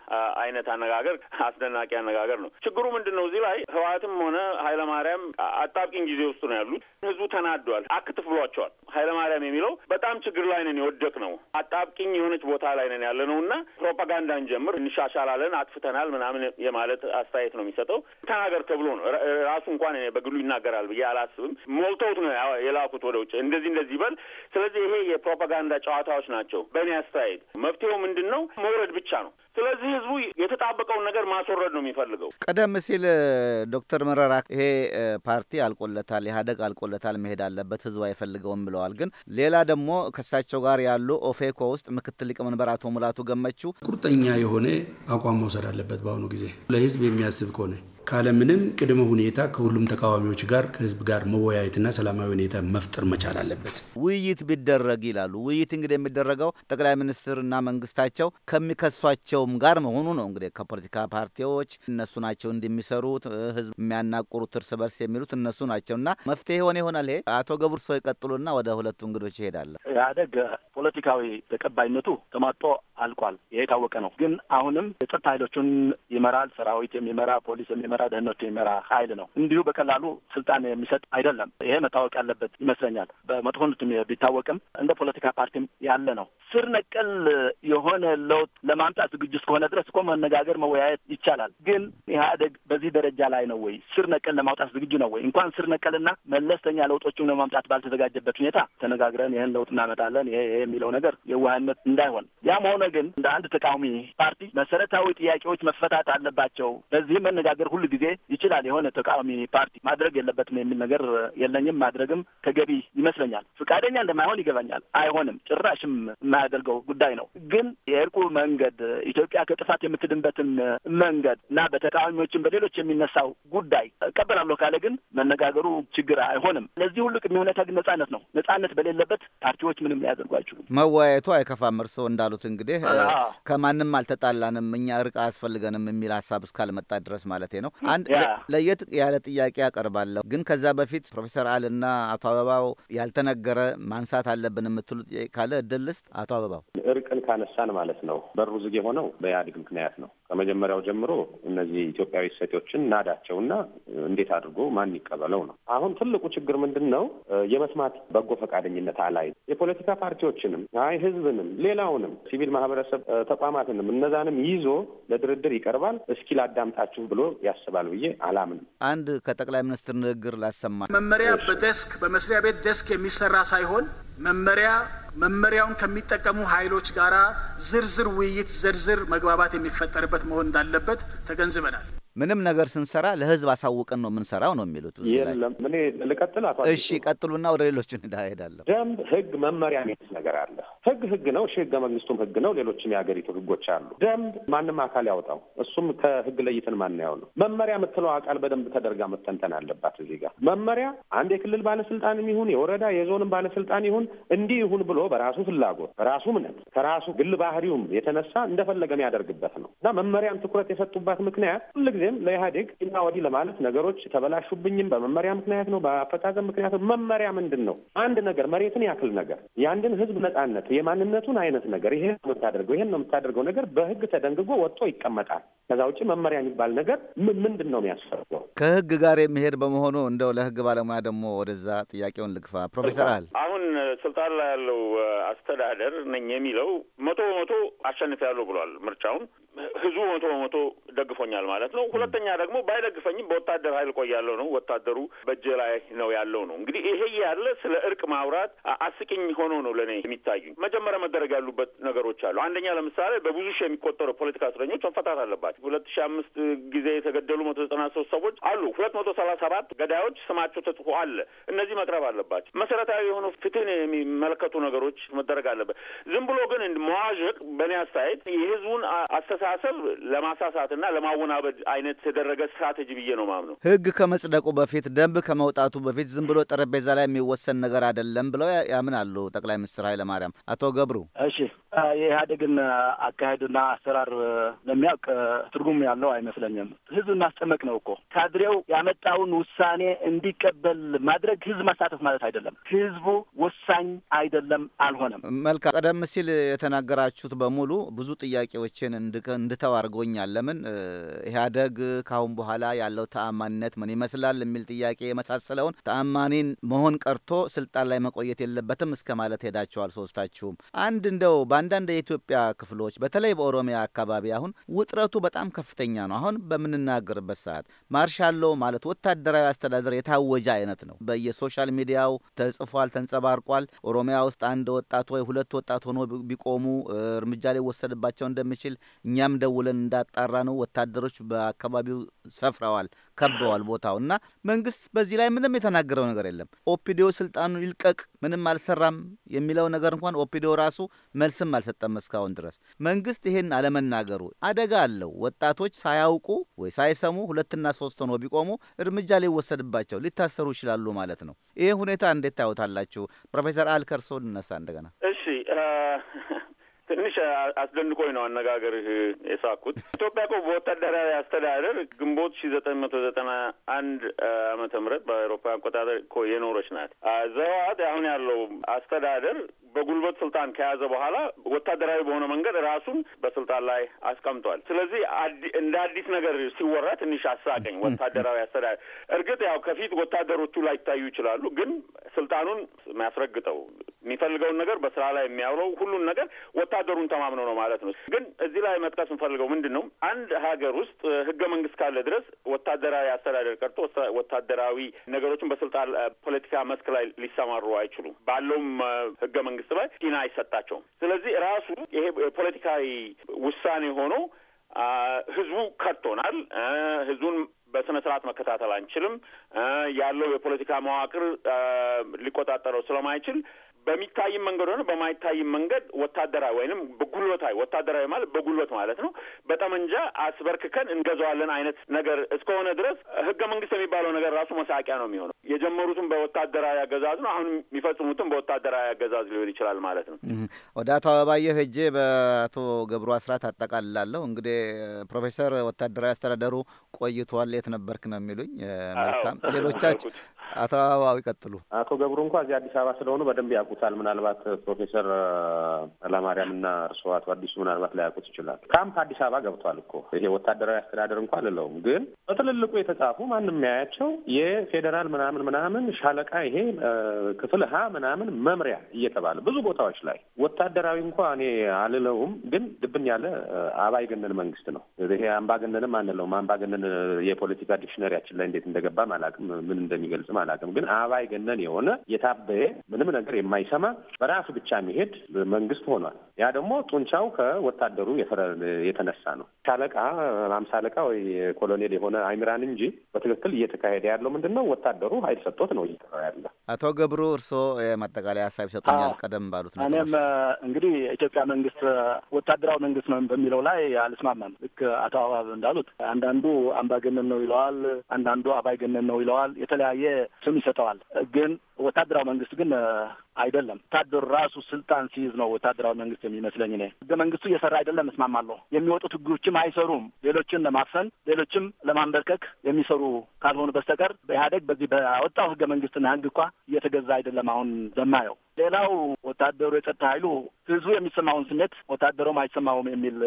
አይነት አነጋገር አስደናቂ አነጋገር ነው። ችግሩ ምንድን ነው? እዚህ ላይ ህወሓትም ሆነ ኃይለማርያም አጣብቂኝ ጊዜ ውስጥ ነው ያሉት። ህዝቡ ተናዷል፣ አክትፍ ብሏቸዋል። ኃይለማርያም የሚለው በጣም ችግር ላይ ነን የወደቅ ነው አጣብቂኝ የሆነች ቦታ ላይ ነን ያለ ነው እና ፕሮፓጋንዳ እንጀምር፣ እንሻሻላለን፣ አጥፍተናል ምናምን የማለት አስተያየት ነው የሚሰጠው። ተናገር ተብሎ ነው ራሱ እንኳን በግሉ ይናገራል ብዬ አላስብም። ሞልተውት ነው የላኩት ወደ ውጭ እንደዚህ እንደዚህ በል። ስለዚህ ይሄ የፕሮፓጋንዳ ጨዋታዎች ናቸው በእኔ አስተያየት አካሄድ መፍትሄው ምንድን ነው? መውረድ ብቻ ነው። ስለዚህ ህዝቡ የተጣበቀውን ነገር ማስወረድ ነው የሚፈልገው። ቀደም ሲል ዶክተር መረራ ይሄ ፓርቲ አልቆለታል፣ ኢህአዴግ አልቆለታል፣ መሄድ አለበት፣ ህዝቡ አይፈልገውም ብለዋል። ግን ሌላ ደግሞ ከእሳቸው ጋር ያሉ ኦፌኮ ውስጥ ምክትል ሊቀመንበር አቶ ሙላቱ ገመቹ ቁርጠኛ የሆነ አቋም መውሰድ አለበት። በአሁኑ ጊዜ ለህዝብ የሚያስብ ከሆነ ካለምንም ቅድመ ሁኔታ ከሁሉም ተቃዋሚዎች ጋር ከህዝብ ጋር መወያየትና ሰላማዊ ሁኔታ መፍጠር መቻል አለበት። ውይይት ቢደረግ ይላሉ። ውይይት እንግዲህ የሚደረገው ጠቅላይ ሚኒስትርና መንግስታቸው ከሚከሷቸውም ጋር መሆኑ ነው። እንግዲህ ከፖለቲካ ፓርቲዎች እነሱ ናቸው እንደሚሰሩት ህዝብ የሚያናቁሩት እርስ በርስ የሚሉት እነሱ ናቸው እና መፍትሄ ሆነ ይሆናል። ይሄ አቶ ገብሩ ሰው ይቀጥሉና ወደ ሁለቱ እንግዶች ይሄዳለሁ። ኢህአዴግ ፖለቲካዊ ተቀባይነቱ ተማጦ አልቋል። ይሄ የታወቀ ነው። ግን አሁንም የጸጥታ ኃይሎቹን ይመራል። ሰራዊት የሚመራ ፖሊስ የሚመራ የሚመራ ደህንነቱ የሚመራ ኃይል ነው። እንዲሁ በቀላሉ ስልጣን የሚሰጥ አይደለም። ይሄ መታወቅ ያለበት ይመስለኛል። በመጥፎነቱ ቢታወቅም እንደ ፖለቲካ ፓርቲም ያለ ነው። ስር ነቀል የሆነ ለውጥ ለማምጣት ዝግጁ እስከሆነ ድረስ እኮ መነጋገር መወያየት ይቻላል። ግን ኢህአደግ በዚህ ደረጃ ላይ ነው ወይ? ስር ነቀል ለማውጣት ዝግጁ ነው ወይ? እንኳን ስር ነቀልና መለስተኛ ለውጦችም ለማምጣት ባልተዘጋጀበት ሁኔታ ተነጋግረን ይህን ለውጥ እናመጣለን ይሄ ይሄ የሚለው ነገር የዋህነት እንዳይሆን። ያም ሆነ ግን እንደ አንድ ተቃዋሚ ፓርቲ መሰረታዊ ጥያቄዎች መፈታት አለባቸው። በዚህም መነጋገር ሁሉ ጊዜ ይችላል የሆነ ተቃዋሚ ፓርቲ ማድረግ የለበትም የሚል ነገር የለኝም። ማድረግም ተገቢ ይመስለኛል። ፈቃደኛ እንደማይሆን ይገባኛል። አይሆንም፣ ጭራሽም የማያደርገው ጉዳይ ነው። ግን የእርቁ መንገድ ኢትዮጵያ ከጥፋት የምትድንበትን መንገድ እና በተቃዋሚዎችም በሌሎች የሚነሳው ጉዳይ እቀበላለሁ ካለ ግን መነጋገሩ ችግር አይሆንም። ለዚህ ሁሉ ቅድመ ሁኔታ ግን ነጻነት ነው። ነጻነት በሌለበት ፓርቲዎች ምንም ሊያደርጉ አይችሉም። መወያየቱ አይከፋም። እርስዎ እንዳሉት እንግዲህ ከማንም አልተጣላንም እኛ እርቅ አያስፈልገንም የሚል ሀሳብ እስካልመጣ ድረስ ማለት ነው። አንድ ለየት ያለ ጥያቄ አቀርባለሁ፣ ግን ከዛ በፊት ፕሮፌሰር አል አልና አቶ አበባው ያልተነገረ ማንሳት አለብን የምትሉ ጥያቄ ካለ እድል ልስጥ። አቶ አበባው እርቅን ካነሳን ማለት ነው፣ በሩ ዝግ የሆነው በኢህአዴግ ምክንያት ነው። ከመጀመሪያው ጀምሮ እነዚህ ኢትዮጵያዊ ናዳቸው ናዳቸውና እንዴት አድርጎ ማን ይቀበለው ነው። አሁን ትልቁ ችግር ምንድን ነው? የመስማት በጎ ፈቃደኝነት አላይ። የፖለቲካ ፓርቲዎችንም፣ አይ ህዝብንም፣ ሌላውንም ሲቪል ማህበረሰብ ተቋማትንም እነዛንም ይዞ ለድርድር ይቀርባል። እስኪ ላዳምጣችሁ ብሎ ያስባል ብዬ አላምንም። አንድ ከጠቅላይ ሚኒስትር ንግግር ላሰማ። መመሪያ በደስክ በመስሪያ ቤት ደስክ የሚሰራ ሳይሆን መመሪያ መመሪያውን ከሚጠቀሙ ኃይሎች ጋራ ዝርዝር ውይይት፣ ዝርዝር መግባባት የሚፈጠርበት መሆን እንዳለበት ተገንዝበናል። ምንም ነገር ስንሰራ ለህዝብ አሳውቀን ነው የምንሰራው ነው የሚሉት። የለም እኔ ልቀጥል። እሺ ቀጥሉና ወደ ሌሎች ሄዳለሁ። ደንብ፣ ህግ፣ መመሪያ የሚሉት ነገር አለ። ህግ ህግ ነው እሺ፣ ህገ መንግስቱም ህግ ነው። ሌሎችም የሀገሪቱ ህጎች አሉ። ደንብ ማንም አካል ያወጣው እሱም ከህግ ለይተን ማናየው ነው። መመሪያ የምትለው አቃል በደንብ ተደርጋ መተንተን አለባት። እዚህ ጋር መመሪያ አንድ የክልል ባለስልጣንም ይሁን የወረዳ የዞንም ባለስልጣን ይሁን እንዲህ ይሁን ብሎ በራሱ ፍላጎት በራሱ እምነት ከራሱ ግል ባህሪውም የተነሳ እንደፈለገ የሚያደርግበት ነው እና መመሪያም ትኩረት የሰጡባት ምክንያት ሁልጊዜ ግን ለኢህአዴግ እና ወዲህ ለማለት ነገሮች ተበላሹብኝም በመመሪያ ምክንያት ነው፣ በአፈጻጸም ምክንያት ነው። መመሪያ ምንድን ነው? አንድ ነገር መሬትን ያክል ነገር የአንድን ህዝብ ነጻነት የማንነቱን አይነት ነገር ይሄ ነው የምታደርገው ይሄን ነው የምታደርገው ነገር በህግ ተደንግጎ ወጥቶ ይቀመጣል። ከዛ ውጭ መመሪያ የሚባል ነገር ምንድን ነው የሚያስፈልገው? ከህግ ጋር የሚሄድ በመሆኑ እንደው ለህግ ባለሙያ ደግሞ ወደዛ ጥያቄውን ልግፋ። ፕሮፌሰር አል አሁን ስልጣን ላይ ያለው አስተዳደር ነኝ የሚለው መቶ በመቶ አሸንፍ ያለው ብሏል ምርጫውን ህዝቡ መቶ በመቶ ደግፎኛል ማለት ነው። ሁለተኛ ደግሞ ባይደግፈኝም በወታደር ኃይል ቆያለሁ ነው። ወታደሩ በእጄ ላይ ነው ያለው ነው። እንግዲህ ይሄ ያለ ስለ እርቅ ማውራት አስቂኝ ሆኖ ነው ለእኔ የሚታዩኝ። መጀመሪያ መደረግ ያሉበት ነገሮች አሉ። አንደኛ ለምሳሌ በብዙ ሺህ የሚቆጠሩ ፖለቲካ እስረኞች መፈታት አለባቸው። ሁለት ሺህ አምስት ጊዜ የተገደሉ መቶ ዘጠና ሶስት ሰዎች አሉ። ሁለት መቶ ሰላሳ ሰባት ገዳዮች ስማቸው ተጽፎ አለ። እነዚህ መቅረብ አለባቸው። መሰረታዊ የሆኑ ፍትህን የሚመለከቱ ነገሮች መደረግ አለበት። ዝም ብሎ ግን መዋዠቅ በእኔ አስተያየት የህዝቡን አስተሳ አስተሳሰብ ለማሳሳትና ለማወናበድ አይነት የተደረገ ስትራቴጂ ብዬ ነው ማምነው። ህግ ከመጽደቁ በፊት ደንብ ከመውጣቱ በፊት ዝም ብሎ ጠረጴዛ ላይ የሚወሰን ነገር አይደለም ብለው ያምናሉ ጠቅላይ ሚኒስትር ኃይለማርያም። አቶ ገብሩ፣ እሺ የኢህአዴግን አካሄድና አሰራር ለሚያውቅ ትርጉም ያለው አይመስለኝም። ህዝብ ማስጨመቅ ነው እኮ ካድሬው ያመጣውን ውሳኔ እንዲቀበል ማድረግ ህዝብ ማሳተፍ ማለት አይደለም። ህዝቡ ወሳኝ አይደለም፣ አልሆነም። መልካም። ቀደም ሲል የተናገራችሁት በሙሉ ብዙ ጥያቄዎችን እንድቀ እንድተው አድርጎኛል። ለምን ኢህአደግ ካሁን በኋላ ያለው ተአማኒነት ምን ይመስላል የሚል ጥያቄ የመሳሰለውን ተአማኒን መሆን ቀርቶ ስልጣን ላይ መቆየት የለበትም እስከ ማለት ሄዳቸዋል ሶስታችሁም። አንድ እንደው በአንዳንድ የኢትዮጵያ ክፍሎች በተለይ በኦሮሚያ አካባቢ አሁን ውጥረቱ በጣም ከፍተኛ ነው። አሁን በምንናገርበት ሰዓት ማርሻሎ ማለት ወታደራዊ አስተዳደር የታወጀ አይነት ነው። በየሶሻል ሚዲያው ተጽፏል፣ ተንጸባርቋል። ኦሮሚያ ውስጥ አንድ ወጣት ወይ ሁለት ወጣት ሆኖ ቢቆሙ እርምጃ ሊወሰድባቸው እንደሚችል እኛም ደውለን እንዳጣራ ነው ወታደሮች በአካባቢው ሰፍረዋል፣ ከበዋል ቦታው እና መንግስት በዚህ ላይ ምንም የተናገረው ነገር የለም። ኦፒዲዮ ስልጣኑ ይልቀቅ፣ ምንም አልሰራም የሚለው ነገር እንኳን ኦፒዲዮ ራሱ መልስም አልሰጠም እስካሁን ድረስ። መንግስት ይሄን አለመናገሩ አደጋ አለው። ወጣቶች ሳያውቁ ወይ ሳይሰሙ ሁለትና ሶስት ሆኖ ቢቆሙ እርምጃ ሊወሰድባቸው ሊታሰሩ ይችላሉ ማለት ነው። ይህ ሁኔታ እንዴት ታዩታላችሁ? ፕሮፌሰር አልከርሶ ልነሳ እንደገና። እሺ ትንሽ አስደንቆኝ ነው አነጋገርህ የሳኩት። ኢትዮጵያ እኮ በወታደራዊ አስተዳደር ግንቦት ሺ ዘጠኝ መቶ ዘጠና አንድ አመተ ምህረት በአውሮፓ አቆጣጠር እኮ የኖረች ናት። ዘዋት አሁን ያለው አስተዳደር በጉልበት ስልጣን ከያዘ በኋላ ወታደራዊ በሆነ መንገድ ራሱን በስልጣን ላይ አስቀምጧል። ስለዚህ እንደ አዲስ ነገር ሲወራ ትንሽ አሳቀኝ። ወታደራዊ አስተዳደር እርግጥ ያው ከፊት ወታደሮቹ ላይታዩ ይችላሉ፣ ግን ስልጣኑን የሚያስረግጠው የሚፈልገውን ነገር በስራ ላይ የሚያውለው ሁሉን ነገር ወታደሩን ተማምኖ ነው ማለት ነው። ግን እዚህ ላይ መጥቀስ እንፈልገው ምንድን ነው አንድ ሀገር ውስጥ ህገ መንግስት ካለ ድረስ ወታደራዊ አስተዳደር ቀርቶ ወታደራዊ ነገሮችን በስልጣን ፖለቲካ መስክ ላይ ሊሰማሩ አይችሉም። ባለውም ህገ መንግስት ላይ ጤና አይሰጣቸውም። ስለዚህ ራሱ ይሄ ፖለቲካዊ ውሳኔ ሆኖ ህዝቡ ከድቶናል፣ ህዝቡን በስነ ስርዓት መከታተል አንችልም፣ ያለው የፖለቲካ መዋቅር ሊቆጣጠረው ስለማይችል በሚታይም መንገድ ሆነ በማይታይም መንገድ ወታደራዊ ወይንም በጉልበታዊ ወታደራዊ ማለት በጉልበት ማለት ነው። በጠመንጃ አስበርክከን እንገዛዋለን አይነት ነገር እስከሆነ ድረስ ህገ መንግስት የሚባለው ነገር ራሱ መሳቂያ ነው የሚሆነው። የጀመሩትን በወታደራዊ አገዛዝ ነው፣ አሁን የሚፈጽሙትም በወታደራዊ አገዛዝ ሊሆን ይችላል ማለት ነው። ወደ አቶ አበባየሁ ሄጄ በአቶ ገብሩ አስራት አጠቃልላለሁ። እንግዲህ ፕሮፌሰር ወታደራዊ አስተዳደሩ ቆይቷል፣ የት ነበርክ ነው የሚሉኝ። መልካም ሌሎቻችሁ አቶ አበባው ይቀጥሉ። አቶ ገብሩ እንኳ እዚህ አዲስ አበባ ስለሆኑ በደንብ ያውቁታል። ምናልባት ፕሮፌሰር ለማርያም እና እርስዎ አቶ አዲሱ ምናልባት ላያውቁት ይችላል። ካምፕ አዲስ አበባ ገብቷል እኮ ይሄ ወታደራዊ አስተዳደር እንኳ አልለውም፣ ግን በትልልቁ የተጻፉ ማንም የሚያያቸው የፌዴራል ምናምን ምናምን ሻለቃ ይሄ ክፍል ሀ ምናምን መምሪያ እየተባለ ብዙ ቦታዎች ላይ ወታደራዊ እንኳ እኔ አልለውም፣ ግን ድብን ያለ አምባገነን መንግስት ነው። ይሄ አምባገነንም አንለውም። አምባገነን የፖለቲካ ዲክሽነሪያችን ላይ እንዴት እንደገባም አላውቅም ምን እንደሚገልጽም አላውቅም። ግን አባይ ገነን የሆነ የታበየ ምንም ነገር የማይሰማ በራሱ ብቻ የሚሄድ መንግስት ሆኗል። ያ ደግሞ ጡንቻው ከወታደሩ የተነሳ ነው። ሻለቃ አምሳ አለቃ ወይ ኮሎኔል የሆነ አይምራን እንጂ በትክክል እየተካሄደ ያለው ምንድን ነው? ወታደሩ ኃይል ሰጥቶት ነው እየተራ ያለ። አቶ ገብሩ እርስዎ የማጠቃለያ ሀሳብ ይሰጡኛል። ቀደም ባሉት እኔም እንግዲህ የኢትዮጵያ መንግስት ወታደራዊ መንግስት ነው በሚለው ላይ አልስማማም። ልክ አቶ አባብ እንዳሉት አንዳንዱ አምባገነን ነው ይለዋል፣ አንዳንዱ አባይ ገነን ነው ይለዋል። የተለያየ ስም ይሰጠዋል። ግን ወታደራዊ መንግስት ግን አይደለም። ወታደሩ ራሱ ስልጣን ሲይዝ ነው ወታደራዊ መንግስት የሚመስለኝ እኔ። ህገ መንግስቱ እየሰራ አይደለም እስማማለሁ። የሚወጡት ህጎችም አይሰሩም። ሌሎችን ለማፍሰን ሌሎችም ለማንበርከክ የሚሰሩ ካልሆኑ በስተቀር በኢህአደግ በዚህ በወጣው ህገ መንግስትና ህግ እንኳ እየተገዛ አይደለም አሁን ዘማየው። ሌላው ወታደሩ የጸጥታ ኃይሉ ህዝቡ የሚሰማውን ስሜት ወታደሩም አይሰማውም የሚል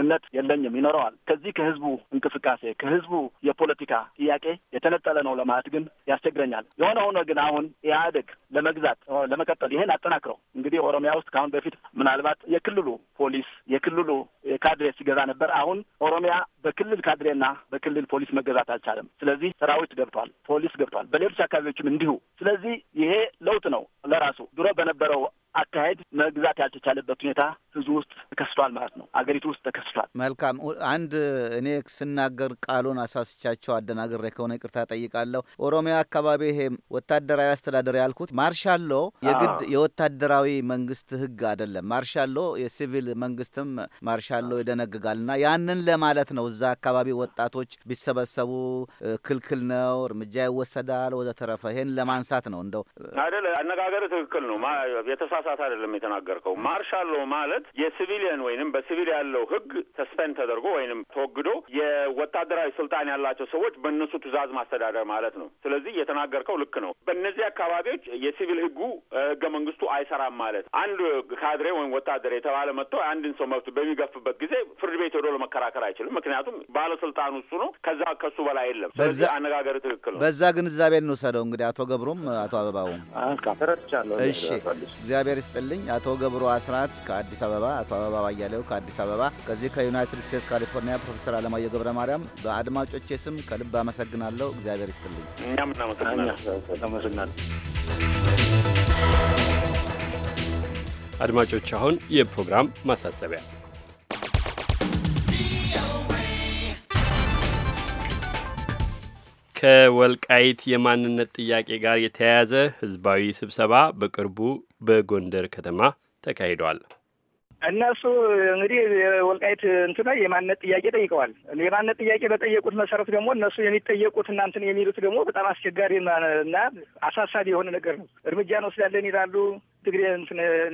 እምነት የለኝም። ይኖረዋል። ከዚህ ከህዝቡ እንቅስቃሴ ከህዝቡ የፖለቲካ ጥያቄ የተነጠለ ነው ለማለት ግን ያስቸግረኛል። የሆነ ሆኖ ግን አሁን ኢህአደግ ለመግዛት ለመቀ መቀጠል ይሄን አጠናክረው እንግዲህ ኦሮሚያ ውስጥ ከአሁን በፊት ምናልባት የክልሉ ፖሊስ የክልሉ ካድሬ ሲገዛ ነበር። አሁን ኦሮሚያ በክልል ካድሬና በክልል ፖሊስ መገዛት አልቻለም። ስለዚህ ሰራዊት ገብቷል፣ ፖሊስ ገብቷል። በሌሎች አካባቢዎችም እንዲሁ። ስለዚህ ይሄ ለውጥ ነው ለራሱ ድሮ በነበረው አካሄድ መግዛት ያልተቻለበት ሁኔታ ህዝብ ውስጥ ተከስቷል ማለት ነው። አገሪቱ ውስጥ ተከስቷል። መልካም። አንድ እኔ ስናገር ቃሉን አሳስቻቸው አደናግሬ ከሆነ ይቅርታ ጠይቃለሁ። ኦሮሚያ አካባቢ ይሄ ወታደራዊ አስተዳደር ያልኩት ማርሻሎ የግ ግድ የወታደራዊ መንግስት ህግ አይደለም። ማርሻሎ የሲቪል መንግስትም ማርሻሎ ይደነግጋል። እና ያንን ለማለት ነው። እዛ አካባቢ ወጣቶች ቢሰበሰቡ ክልክል ነው፣ እርምጃ ይወሰዳል፣ ወዘተረፈ። ይሄን ለማንሳት ነው። እንደው አይደለ አነጋገር ትክክል ነው። የተሳሳት አይደለም የተናገርከው። ማርሻሎ ማለት የሲቪሊየን ወይንም በሲቪል ያለው ህግ ተስፔንድ ተደርጎ ወይንም ተወግዶ የወታደራዊ ስልጣን ያላቸው ሰዎች በእነሱ ትእዛዝ ማስተዳደር ማለት ነው። ስለዚህ የተናገርከው ልክ ነው። በእነዚህ አካባቢዎች የሲቪል ህጉ ህገ መንግስቱ አይሰራም ማለት አንድ ካድሬ ወይም ወታደር የተባለ መጥቶ አንድን ሰው መብት በሚገፍበት ጊዜ ፍርድ ቤት ሄዶ ለመከራከር አይችልም። ምክንያቱም ባለስልጣኑ እሱ ነው። ከዛ ከሱ በላይ የለም። ስለዚህ አነጋገር ትክክል ነው። በዛ ግንዛቤ እንውሰደው። እንግዲህ አቶ ገብሩም አቶ አበባውም ተረድቻለሁ። እሺ፣ እግዚአብሔር ይስጥልኝ። አቶ ገብሩ አስራት ከአዲስ አበባ፣ አቶ አበባ ባያሌው ከአዲስ አበባ፣ ከዚህ ከዩናይትድ ስቴትስ ካሊፎርኒያ ፕሮፌሰር አለማየሁ ገብረ ማርያም በአድማጮቼ ስም ከልብ አመሰግናለሁ። እግዚአብሔር ይስጥልኝ። እኛም እናመሰግናለን። አድማጮች፣ አሁን የፕሮግራም ማሳሰቢያ ከወልቃይት የማንነት ጥያቄ ጋር የተያያዘ ህዝባዊ ስብሰባ በቅርቡ በጎንደር ከተማ ተካሂዷል። እነሱ እንግዲህ የወልቃይት እንትና የማንነት ጥያቄ ጠይቀዋል። የማንነት ጥያቄ በጠየቁት መሰረት ደግሞ እነሱ የሚጠየቁት እናንትን የሚሉት ደግሞ በጣም አስቸጋሪ እና አሳሳቢ የሆነ ነገር ነው። እርምጃ እንወስዳለን ይላሉ። ትግሬ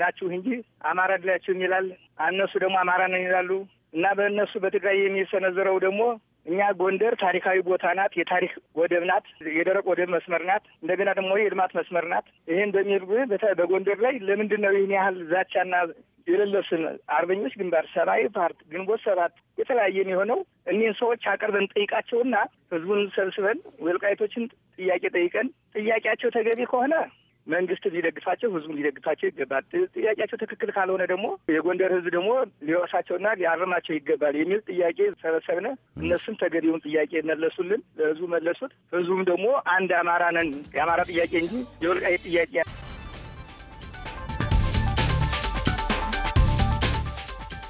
ናችሁ እንጂ አማራ አይደላችሁም ይላል። እነሱ ደግሞ አማራ ነን ይላሉ። እና በእነሱ በትግራይ የሚሰነዘረው ደግሞ እኛ ጎንደር ታሪካዊ ቦታ ናት፣ የታሪክ ወደብ ናት፣ የደረቅ ወደብ መስመር ናት፣ እንደገና ደግሞ የልማት መስመር ናት። ይህን በሚል በጎንደር ላይ ለምንድን ነው ይህን ያህል ዛቻና የሌለስን አርበኞች ግንባር፣ ሰማያዊ ፓርት፣ ግንቦት ሰባት የተለያየ የሚሆነው እኒህን ሰዎች አቅርበን ጠይቃቸውና ህዝቡን ሰብስበን ወልቃይቶችን ጥያቄ ጠይቀን ጥያቄያቸው ተገቢ ከሆነ መንግስት ሊደግፋቸው፣ ህዝቡ ሊደግፋቸው ይገባል። ጥያቄያቸው ትክክል ካልሆነ ደግሞ የጎንደር ህዝብ ደግሞ ሊወሳቸውና ሊያርማቸው ይገባል የሚል ጥያቄ ሰበሰብነ። እነሱም ተገቢውን ጥያቄ መለሱልን፣ ለህዝቡ መለሱት። ህዝቡም ደግሞ አንድ አማራ ነን የአማራ ጥያቄ እንጂ የወልቃይት ጥያቄ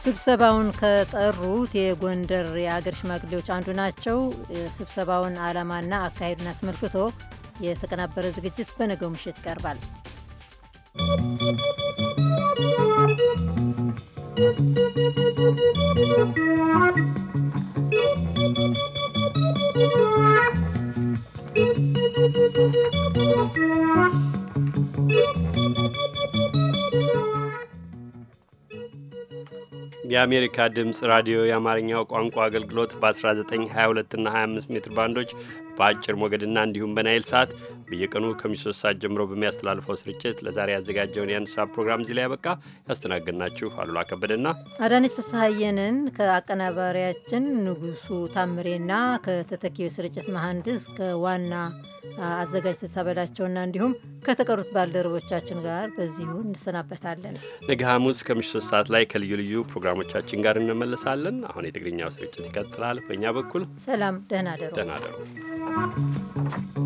ስብሰባውን ከጠሩት የጎንደር የአገር ሽማግሌዎች አንዱ ናቸው። ስብሰባውን ዓላማና አካሄዱን አስመልክቶ የተቀናበረ ዝግጅት በነገው ምሽት ይቀርባል። የአሜሪካ ድምፅ ራዲዮ የአማርኛው ቋንቋ አገልግሎት በ1922 እና 25 ሜትር ባንዶች በአጭር ሞገድና እንዲሁም በናይል ሰዓት በየቀኑ ከሚሶስት ሰዓት ጀምሮ በሚያስተላልፈው ስርጭት ለዛሬ ያዘጋጀውን የአንድ ሰዓት ፕሮግራም እዚህ ላይ ያበቃ። ያስተናገድናችሁ አሉላ ከበደና አዳነች ፍስሐየንን ከአቀናባሪያችን ንጉሱ ታምሬና ከተተኪው ስርጭት መሐንዲስ ከዋና አዘጋጅ ተሳበላቸውና እንዲሁም ከተቀሩት ባልደረቦቻችን ጋር በዚሁ እንሰናበታለን። ነገ ሐሙስ ከምሽቱ ሶስት ሰዓት ላይ ከልዩ ልዩ ፕሮግራሞቻችን ጋር እንመለሳለን። አሁን የትግርኛው ስርጭት ይቀጥላል። በእኛ በኩል ሰላም፣ ደህና ደሩ፣ ደህና ደሩ። Thank you.